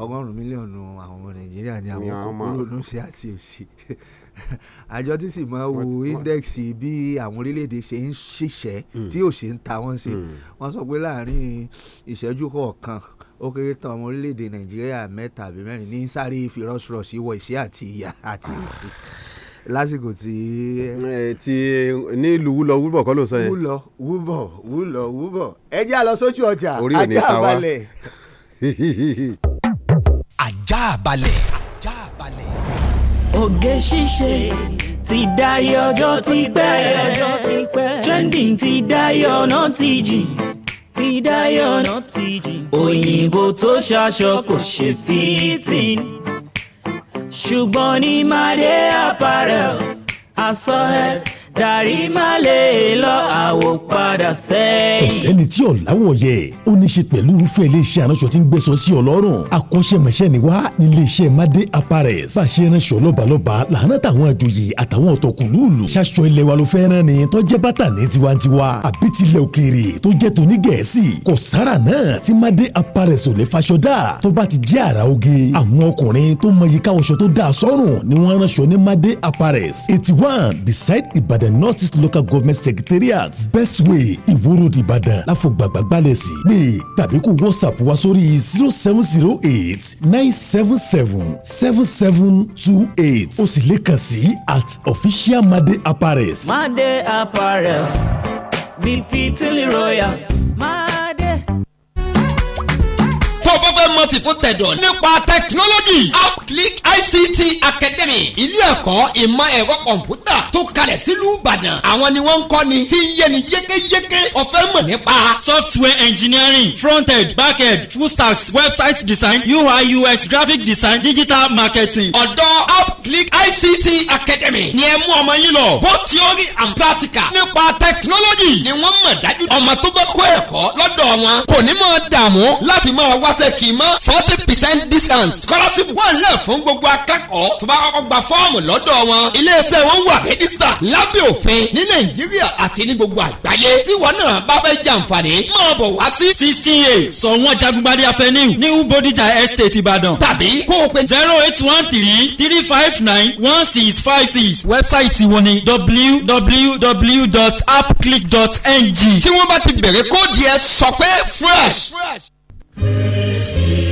ọgọ́rùn-ún mílíọ̀nù àwọn ọmọ nàìjíríà ni àwọn kòkòrò ló ń ṣe àti òsì àjọ tí sì máa wo índẹ́ẹ̀sì bí àwọn orílẹ̀-èdè ṣe ń ṣiṣẹ́ hmm. tí òṣè ń ta wọ́n ṣe hmm. wọ́n sọ pé láàárín ìṣẹ́jú kọ̀ọ̀kan ó kéré tán ọmọ orílẹ̀-èdè nàìjíríà mẹ́ta àbí mẹ́rin ní sáré fi rọ́ṣrọ́ṣì wọ ìṣe àti ìyá àti ah. ìṣe lásìkò tí. Eh, ti nílùú wúlọ wúbọ kọ́ ló sọ yẹn. wúlọ wúbọ wúlọ wúbọ ẹ jẹ́ àlọ́ sójú ọjà ajá balẹ̀. ajá balẹ̀. ajá balẹ̀. oge ṣíṣe ti dayé ọjọ́ ti pẹ́ trending ti dayé ọ̀nà ti jìn ti dáyọ̀ ọ̀nà ti jìn òyìnbó tó ṣaṣọ kò ṣe fitting ṣùgbọ́n ní Made Apparel I saw darí má lè lọ àwò padà sẹ́yìn. kò sẹ́ni tí ọ̀làwọ̀ yẹ ó ní ṣe pẹ̀lú irúfẹ́ iléeṣẹ́ aránṣọ tí ń gbẹ̀sọ̀ sí ọlọ́run akọ́ṣẹ́mọṣẹ́ ni wá ní iléeṣẹ́ madé apparels bá a ṣe ránṣọ lọ́balọ́ba làánà táwọn àjòyè àtàwọn ọ̀tọ̀kùlùlù ṣaṣọ ilẹ̀ wa ló fẹ́ rán ni tó jẹ́ bàtà ní tiwantiwa àbí tilẹ̀ òkèèrè tó jẹ́ tóní gẹ̀ẹ́sì kò sára náà tí madé apparels ò lè faṣọ dá tó bá ti jẹ́ àrà oge àwọn ọkùnrin tó mọyì káwọṣọ tó dáa sọ́rùn ni wọ́n ránṣọ ní madé apparels beside Ìbàdàn Ìbàdàn North Local Government Secretariat Best Way Ìwó Road Ìbàdàn láfọ̀gbàgbà gbalẹ̀ sí pé tàbí kó WhatsApp wá sórí zero seven zero eight nine seven seven seven seven two eight o sì lè kàn sí at official Made Apparels. Made Apparels be fitting royal. My fọ́tì fún tẹ̀dọ̀ nípa tẹkinọ́lọ́jì Upclick ICT Academy ilé ẹ̀kọ́ ìmọ̀ ẹ̀rọ kọ̀m̀pútà tó kalẹ̀ sílùú Ìbàdàn àwọn ni wọ́n ń kọ́ ni ti ń yé ni yékéyéké ọ̀fẹ́ mọ̀ nípa. software engineering fronted, backed, full stacks website design UI UX graphic design digital marketing. ọ̀dọ́ Upclick ICT Academy ni ẹ mú ọmọ yín lọ bó theory and practical nípa technology. ni wọ́n mọ̀ dájú ọmọ tó bá kó ẹ̀kọ́ lọ́dọ̀ wọn kò ní máa dààmú láti máa wáṣẹ́ kì í máa forty percent discount scholarship wọ́n lẹ̀ fún gbogbo akẹ́kọ̀ọ́ tó bá kọ́kọ́ gba fọ́ọ̀mù lọ́dọ̀ wọn iléeṣẹ́ wọn wà rẹ́dísítà lábẹ́ òfin ní nàìjíríà àti ní gbogbo àgbáyé tí wọn náà bá fẹ́ jàǹfààní máa bọ̀ wá sí. sixteen eight sọ̀wọ́n jagunbari afẹ́niw ní ubodija estate ìbàdàn tàbí kó o pe zero eight one three three five nine one six five six wẹ́bsáìtì wọn ni www.appclick.ng tí wọ́n bá ti bẹ̀rẹ̀ kóòdù yẹn sọ pé fresh. fresh. Christi.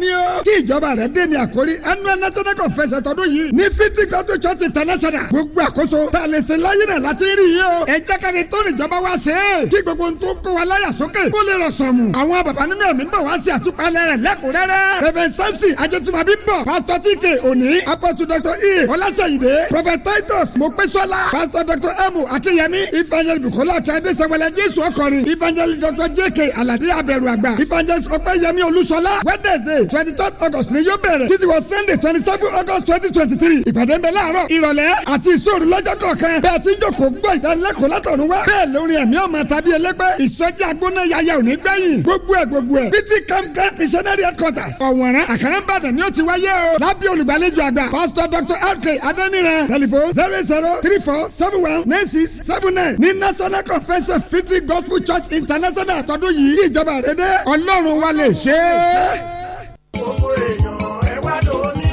ni o. kí ìjọba rẹ̀ dé ní àkórí annual national conference tọdún yìí ní fifty gospel church international gbogbo àkóso tá a lè ṣe láyé náà láti rí i o. ẹ jẹ́ ká ní tó ní ìjọba wa ṣe é kí gbogbo ohun tó kó wa láyà sókè kó lè rọ̀ sọ̀mù. àwọn bàbá nínú ẹ̀mí ń bọ̀ wá sí àtúpalẹ̀ rẹ̀ lẹ́kùnrẹ́rẹ́. reverend samson ajẹtumabi ń bọ̀ pastor tike òní apọ́tù dr e ọlásẹ̀yìndé prophet titus mọ̀pẹ́sọ́lá pastor dr emu akínyẹmí evangelist bukola akínyẹmí sẹ́wẹ̀lẹ̀ jésù ọkọrin evangelist dr jk aládé abẹ̀rù àgbà evangelist ọpẹ́yẹmí olúṣọlá wednesday twenty third august ni yóò bẹ̀rẹ̀ títí wọ sunday twenty seven august twenty twenty three ìpàdé ń bẹ láàárọ̀ ìrọ̀lẹ́ àti ìṣòro lọ́jọ́ kọ̀ọ̀kan bẹ́ẹ̀ ti ń jókòó gbọ́ ìdánilẹ́kọ̀ọ́ látọ̀run wá bẹ́ẹ̀ lórí ẹ̀mí ọ̀mà tàbí ẹlẹ́gbẹ́ ìsọjí agbóná yaya ò ní gbẹ̀yìn gbogbo ẹ̀ gbogbo ẹ̀ pt camp grand missionary headquarters ọ̀wọ̀nrán àkàràǹbàdàn ni ó ti wáyé o lábí olùgbàlejò àgbà pastor dr rk adaniran telephone zero zero three four seven one nine six seven nine ní national conference fifty gospel church international àtọ́dún yìí ìjọba àrẹ́dẹ́ ọlọ́run wa lè ṣe é gbogbo èèyàn ẹ wá lóní.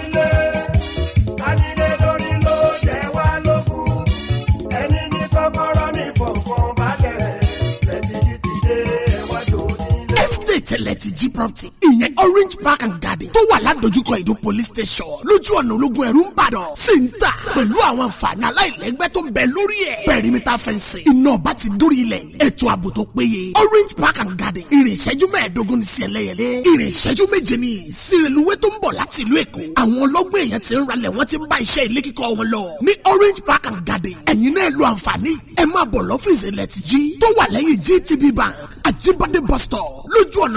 ìtẹ̀lẹ̀ ti jí property ìyẹn orange park and garden tó wà ládojúkọ ìdó police station lójú ọ̀nà ológun ẹ̀rú ń bàdàn sí ń tà pẹ̀lú àwọn àǹfààní aláìlẹ́gbẹ́ tó ń bẹ lórí ẹ̀ pẹ̀rímítà fẹ́ǹsì iná ọba ti dórí ilẹ̀ ètò ààbò tó péye orange park and garden ìrìn ìṣẹ́jú mẹ́ẹ̀ẹ́dógún ní sí ẹlẹ́yẹlé ìrìn ìṣẹ́jú méje ní sírèlúwé tó ń bọ̀ láti ìlú èkó àwọn ọlọ́gbọ́n èèyàn ti ń ralẹ̀ wọ́n ti ń bá iṣẹ́ ilé kíkọ́ wọn lọ ní orange park and garden ẹ̀yin náà lo àǹfààní ẹ máa bọ̀ lọ́fíìsì lẹ́tìjí tó wà lẹ́yìn gtb bank àjíbádé bus stop lójú ọ̀nà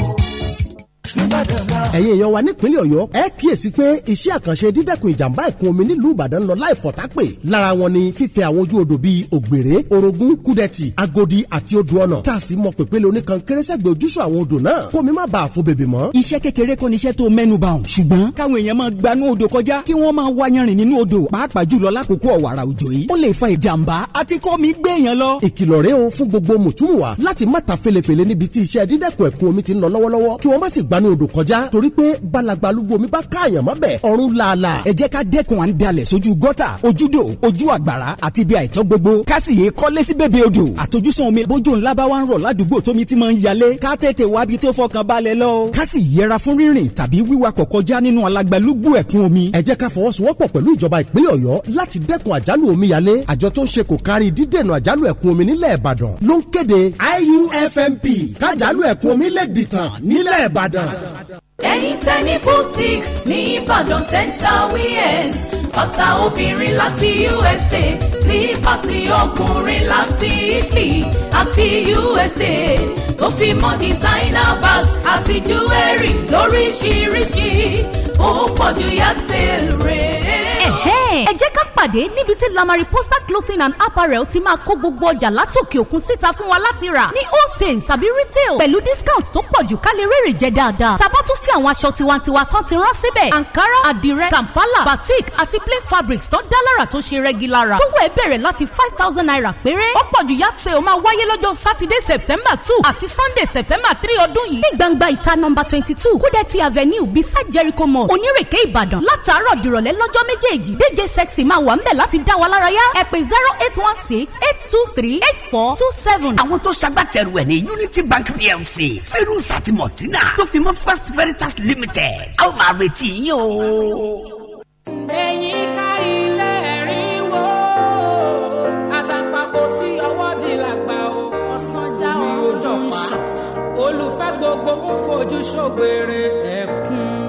ẹ̀yin èèyàn wa nípínlẹ̀ ọ̀yọ́ ẹ kíyèsí pé iṣẹ́ àkànṣe dídẹ́kun ìjàmbá ìkún omi nílùú ìbàdàn lọ láì fọ̀tápè lára wọn ni fífẹ́ àwọn ojú odò bíi ògbèrè orogún kúdẹ̀tì agodi àti odò ọ̀nà tá a sì mọ pèpele oníkan kérésẹ́gbẹ̀ ojúṣọ àwọn odò náà kó mi má bàa fo bèbè mọ́. iṣẹ́ kékeré kọ́ ni iṣẹ́ tó mẹ́nu bà ọ̀hún ṣùgbọ́n káwọn èèyàn máa gbanú odò kọjá kí wọ́n máa wá yanrìn o fún gbogbo mùtúmùwà láti má ta felefele níbi tí iṣẹ́ dídẹ́kun ẹ̀kún omi ti ń lọ lọ́wọ́lọ́wọ́ kí wọ́n gbanú od odò kọjá torí pé balagba alúgbó mi bá káàyàn mọ́bẹ̀ ọ̀run làálàá. ẹ jẹ́ ká dẹ́kun à ń dalẹ̀ sójú gọ́tà ojúdò ojú àgbàrá àti ibi àìtọ́ gbogbo kásìyè kọ́lé sí bèbè odò àtojúsùn omi bójú ńlá bá wà ń rọ̀ ládùúgbò tómi ti máa ń yalé ká tètè wábi tó fọkàn balẹ̀ lọ. ká sì yẹra fún rírìn tàbí wíwakọ̀ kọjá nínú alagbalúgbú ẹ̀kún omi. ẹ jẹ́ ká fọwọ́sowọ́pọ̀ pẹ̀lú ìjọba ìpínlẹ̀ ọ̀yọ́ láti dẹ́kun àjálù omíyalé àjọ tó ń ṣe kò kárí IUFMP kájálù ẹ̀kún omi lè dìtàn nílẹ̀ ìbàdàn. ẹ̀yin tẹ́ni boutique ní ìbàdàn dental wears bàtà obìnrin láti usa sípàsì ọkùnrin láti italy àti usa tó fi mọ́ designer bags àti jewelry lóríṣiríṣi ó pọ̀jù yàtẹ̀ rẹ̀. pàdé níbi tí Lamari Posa clothing and apparel ti máa kó gbogbo ọjà látòkè òkun síta fún wa láti rà ní wholesale tàbí retail pẹ̀lú discount tó pọ̀ jù ká lè rèrè jẹ dáadáa tá tún fi àwọn aṣọ tiwantiwa tán ti rán síbẹ̀ Ankara adire Kampala batik àti plain fabrics tán dá lára tó ṣe rẹ́gí lára gbogbo ẹ̀ bẹ̀rẹ̀ láti five thousand naira péré ó pọ̀ jù yàtọ̀ ṣe o máa wáyé lọ́jọ́ Sátidé September two àti Sunday September three ọdún yìí ní gbangba ìta number twenty two Kúdẹ́tì avenue beside Jericho mall Onírèké Ìbàdàn látàárọ̀ dìrọ̀lẹ́ lọ́jọ́ méjèèjì DJ Sexy máa wà wà ńbẹ̀ láti dá wa lárayá ẹ pè zero eight one six eight two three eight four two seven. àwọn tó ṣagbátẹrù ẹ̀ ní Unity Bank PLC ferus àti Martina tó fi mọ́ First Veritas Limited a ó máa retí yín o. ẹ̀yin ilé rí wo àtàpàkò sí ọwọ́ di o ọ̀sán ọ̀rọ̀ ọ̀pá olùfẹ́ gbogbo ń fojú ṣògbèrè ẹ̀kún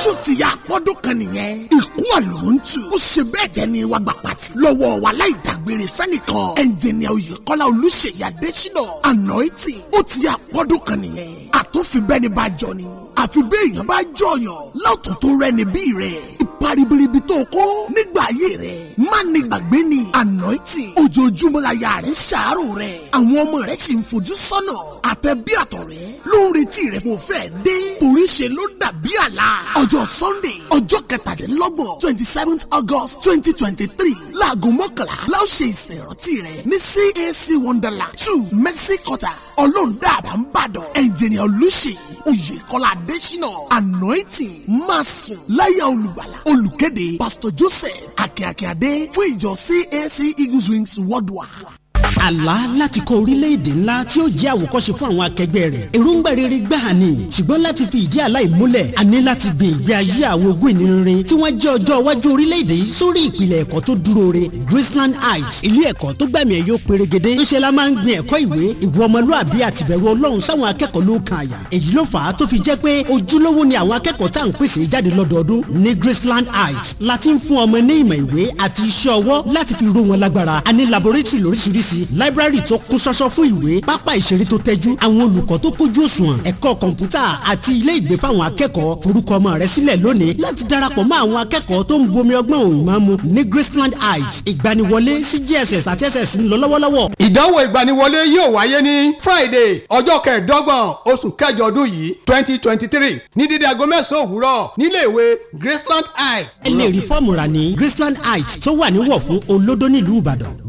ṣó ti yà pọ́dún kan nìyẹn ikú àlùmọ́ntù ó ṣe bẹ́ẹ̀ jẹ́ ní wàgbà pàtì lọ́wọ́ wa láì dágbére fẹ́nìkan ẹnjìnìà Oyèkọ́lá Olúṣèyí Adésínà ànáìtì ó ti yà pọ́dún kan nìyẹn àtúnfi bẹ́ẹ̀ ni bá jọ ni àfi bẹ́ẹ̀ èèyàn bá jọyàn láòtútù rẹ ni bí rẹ̀ paribiribi tó kó nígbà ayé rẹ̀ má ní gbàgbé ni anointing ojoojúmọ́ la yà rẹ̀ ṣàárò rẹ̀ àwọn ọmọ rẹ̀ sì ń fojú sọ́nà àtẹ̀bí àtọ̀rẹ́ ló ń retí rẹ̀ mo fẹ́ dé torí ṣe ló dàbí àlá ọjọ́ Sunday ọjọ́ kẹtàdínlọ́gbọ̀n twenty seventh august twenty twenty three láago mọ́kànlá la ó ṣe ìṣèrántí rẹ̀ ní cac wonderland two mercy quarter ọlọ́ọ̀dà àbámbàdàn ẹ̀ǹjẹ̀nìyàn olùṣe oyèkọ́lá adésínà anointing máa sùn láyà olùgbàlà olùkéde pastor joseph akíakíadé fún ìjọ cac eagles wings worldwide àlá láti kọ́ orílẹ̀-èdè ńlá tí ó jẹ́ àwòkọ́ṣe fún àwọn akẹgbẹ́ rẹ̀ èròǹgbà rere gbáà ni ṣùgbọ́n láti fi ìdí àlá ìmúlẹ̀ a ní láti gbin ìgbé ayé àwọn ogún ìnírin tí wọ́n jẹ́ ọjọ́ iwájú orílẹ̀-èdè yìí sórí ìpìlẹ̀ ẹ̀kọ́ tó dúró re Graceland Heights ilé ẹ̀kọ́ tó gbàmì ẹ̀yọ́ perégedé ńṣe la máa ń gbin ẹ̀kọ́ ìwé ìwọ ọmọlúàbí àtìbẹ̀rù Ọlọ́run sáwọn akẹ́kọ̀ọ́ ló kan àyà èyí ló fà á tó fi jẹ́ pé ojúlówó ni àwọn akẹ́kọ̀ọ́ tá à ń pèsè jáde lọ́dọọdún ní Graceland Heights láti ń fún ọmọ ní ìmọ̀ ìwé àti iṣẹ́ ọwọ́ láti fi ró wọn lágbára a ní laboratory lóríṣiríṣi láìbrárì tó kún ṣọṣọ fún ìwé pápá ìṣeré tó tẹ́jú àwọn olùkọ́ tó kójú òṣùwọ̀n ẹ̀kọ́ kọ̀ǹpútà àti ilé ìgbé fáwọn akẹ́kọ̀ọ́ forúkọ ọmọ rẹ sílẹ̀ lónìí láti darapọ̀ mọ́ àwọn akẹ́kọ̀ọ́ tó ń bomi ọgbọ́n òyìn máa mu ní Graceland Heights ìgbaniwọlé sí GSS àti SS ń lọ lọ́wọ́lọ́wọ́. ìdánwò ìgbaniwọlé yóò wáyé ní Friday ọjọ́ kẹẹ̀ẹ́dọ́gbọ̀n oṣù kẹjọ ọdún yìí twenty twenty three ní dídí aago mẹ́sàn-án òwúrọ̀ níléèwé Graceland Heights. ẹ lè rí fọ́ọ̀mù rà ní Graceland Heights tó wà níwọ̀ fún olódó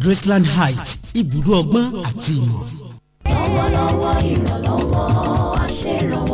Graceland Heights ib ibùdó ọgbọ́n àti ìmọ̀. lọ́wọ́lọ́wọ́ ìrànlọ́wọ́ aṣèrànwọ́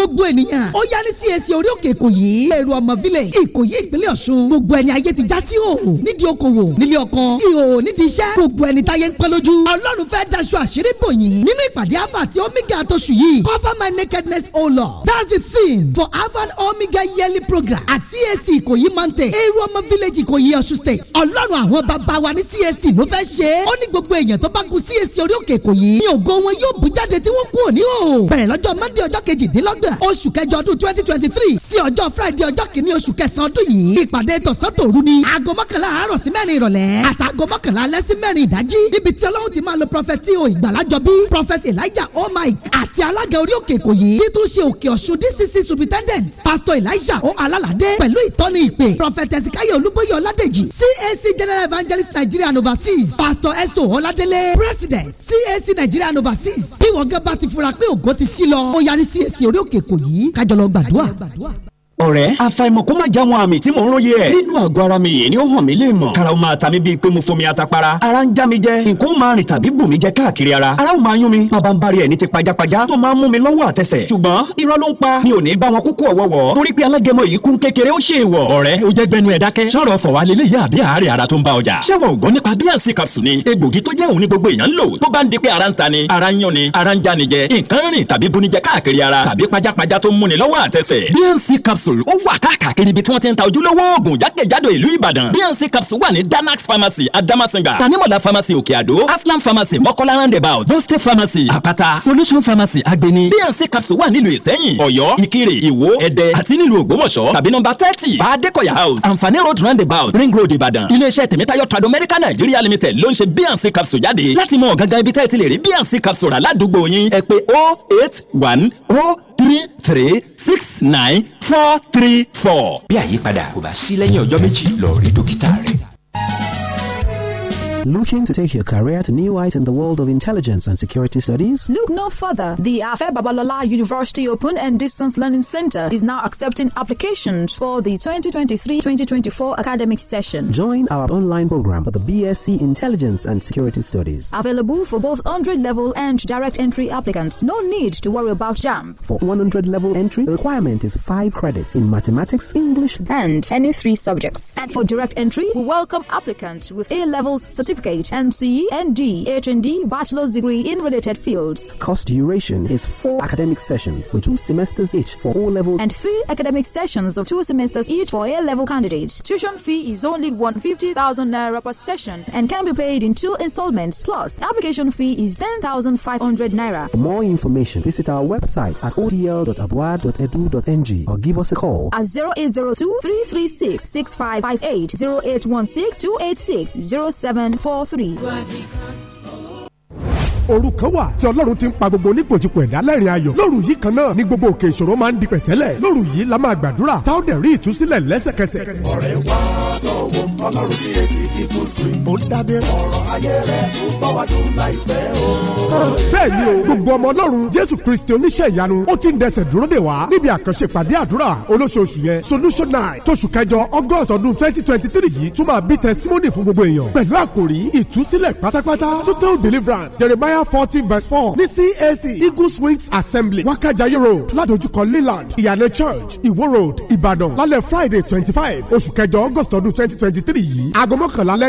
gbogbo ènìyàn ó yá ní CAC orí òkè ìkòyí ẹ̀rù ọmọ village ìkòyí ìpínlẹ̀ ọ̀ṣun gbogbo ẹni ayé ti já sí òòhùn nídìí okòwò nílé ọkọ ìhòòhò nídìí iṣẹ́ gbogbo ẹni táyé ń pẹ́ lójú ọlọ́run fẹ́ daṣọ àṣírí bò yín nínú ìpàdé afa àti omega àtọ̀sù yìí cover my nakedness o lord that's the thing. for avan omega yearly program at CAC ìkòyí mountain ẹ̀rù ọmọ village ìkòyí ọ̀ṣun state ọlọ́run àwọn bàbá wa ní CAC ló fẹ́ ṣe é ó ní gbogbo èèyàn tó bá gun CAC orí òkè ìkòyí ní ògo wọn yóò bú jáde tí wọ́n kú òní o bẹ̀rẹ̀ àdúrà oṣù kẹjọ ọdún twenty twenty three sí ọjọ́ friday ọjọ́ kìíní oṣù kẹsàn-án ọdún yìí ìpàdé tọ̀sán tòru ni aago mọ́kànlá àárọ̀ sí mẹ́rin ìrọ̀lẹ́ àtàgọ́ mọ́kànlá alẹ́ sí mẹ́rin ìdájí níbi tí ọlọ́run ti máa lo prọfẹtì o ìgbàlájọ bí prọfẹtì elijah omaik àti alága orí òkè èkó yìí títún ṣe òkè ọ̀ṣun dcc superintendent pastor elijah o alalade pẹ̀lú ìtọ́ni ìpè prọfẹtì ẹ̀sìnkáyọ̀ olúbóyè ọládèjì cac general evangelist Nigerian overseas pastor eso ọládélé president cac Nigerian overseas bí wọ́n gẹ́gẹ́ bá ti fura pé ògo ti sí lọ ó yarí cac orí òkè ìsìnkú yìí kájọ lọ gbàdúrà ọ̀rẹ́ àfàìmọ̀ kó má já wọn àmì tí mò ń róye ẹ̀. nínú àgọ́ ara mi yìí ni ó hàn mí lè mọ̀. karaw máa ta mi bíi pé mo fomi atapara. ara ń já mi jẹ nǹkan ó máa rìn tàbí bù mí jẹ káàkiri ara. ara ó máa yún mi bàbá ń bari ẹ̀ ní ti pajápajá tó máa ń mú mi lọ́wọ́ àtẹsẹ̀. ṣùgbọ́n irọ́ ló ń pa mi ò ní bá wọn kúkú ọ̀wọ́wọ́ torí pé alágẹmọ yìí kún kékeré ó ṣe èèwọ̀. ọ̀rẹ́ o jẹ́ gbẹnu ẹ̀ dákẹ́. sọ̀rọ̀ fọ̀wá lélẹ̀ yá àbí àárẹ̀ ara tó capsule ó wà káàkiri ibi tí wọ́n ti ń ta ojúlówó oògùn jákèjádò ìlú ìbàdàn bnc capsule wà ní danax pharmacy adamasinga tanimola pharmacy òkè àdó aslam pharmacy mọ́kọ́lá roundabout boste pharmacy àpáta solution pharmacy agbeni bnc capsule wà nílùú ìsẹ́yìn ọ̀yọ́ ìkirè ìwó ẹdẹ àti nílùú ògbómọ̀ṣọ́ tàbí nọ́mbà thirty baadekoya house anfani road roundabout ring road ìbàdàn iléeṣẹ́ tèmítáyọ̀ trado medical nigeria limited ló ń ṣe bnc capsule jáde láti mọ gangan ibi tẹ́ẹ̀ ti lè rí bnc capsule rà ládùúgbò yín ẹ pé 081 0 three three six nine four three four. bí àyípadà kò bá sí lẹ́yìn ọjọ́ méjì lọ rí dókítà rẹ. Looking to take your career to new heights in the world of intelligence and security studies? Look no further. The Afe Babalola University Open and Distance Learning Center is now accepting applications for the 2023-2024 academic session. Join our online program for the BSc Intelligence and Security Studies. Available for both 100 level and direct entry applicants. No need to worry about jam. For 100 level entry, the requirement is 5 credits in mathematics, English, and any 3 subjects. And for direct entry, we welcome applicants with A levels certificate certificate and ND, HND bachelor's degree in related fields. Course duration is four academic sessions with two semesters each for O level and three academic sessions of two semesters each for A level candidates. Tuition fee is only 150,000 naira per session and can be paid in two installments. Plus, application fee is 10,500 naira. For more information, visit our website at odl.abuad.edu.ng or give us a call at 0802 336 6558 0816 286 07 four three. òru kan wà tí ọlọ́run ti ń pa gbogbo oníkòjìpọ̀ ẹ̀dá lẹ́rìn ayọ̀ lóru yìí kan náà ni gbogbo òkè ìṣòro máa ń di pẹ̀tẹ́lẹ̀ lóru yìí la máa gbàdúrà tá ó dẹ̀ rí ìtúsílẹ̀ lẹ́sẹ̀kẹsẹ̀. ọ̀rẹ́ wa tọ̀wọ̀ ọlọ́run tí èsì ìbú sùn. ó dábẹ́. ọ̀rọ̀ ayé rẹ̀ tó bọ̀ wá dùn láìpẹ́ o. bẹ́ẹ̀ ni o gbogbo ọmọ ọlọ́run jésù kristi oníṣẹ́ ìyanu ó ti ń dẹsẹ̀ dúró dè wá níbi àkànṣe ìpàdé àdúrà olóṣooṣù yẹn solution night tóṣù kẹjọ august ọdún twenty twenty three yìí tún máa bí testimony fún gbogbo èèyàn pẹ̀lú àkòrí ìtúsílẹ̀ pátápátá total deliverance jeremiah Isaiah forty verse four ní CAC Eagles Wings Assembly Wákàjáyé road ládojúkọ Leland Ìyànà church Iwo road Ibadan. lálẹ́ Friday twenty five oṣù kẹjọ August ọdún twenty twenty three yìí aago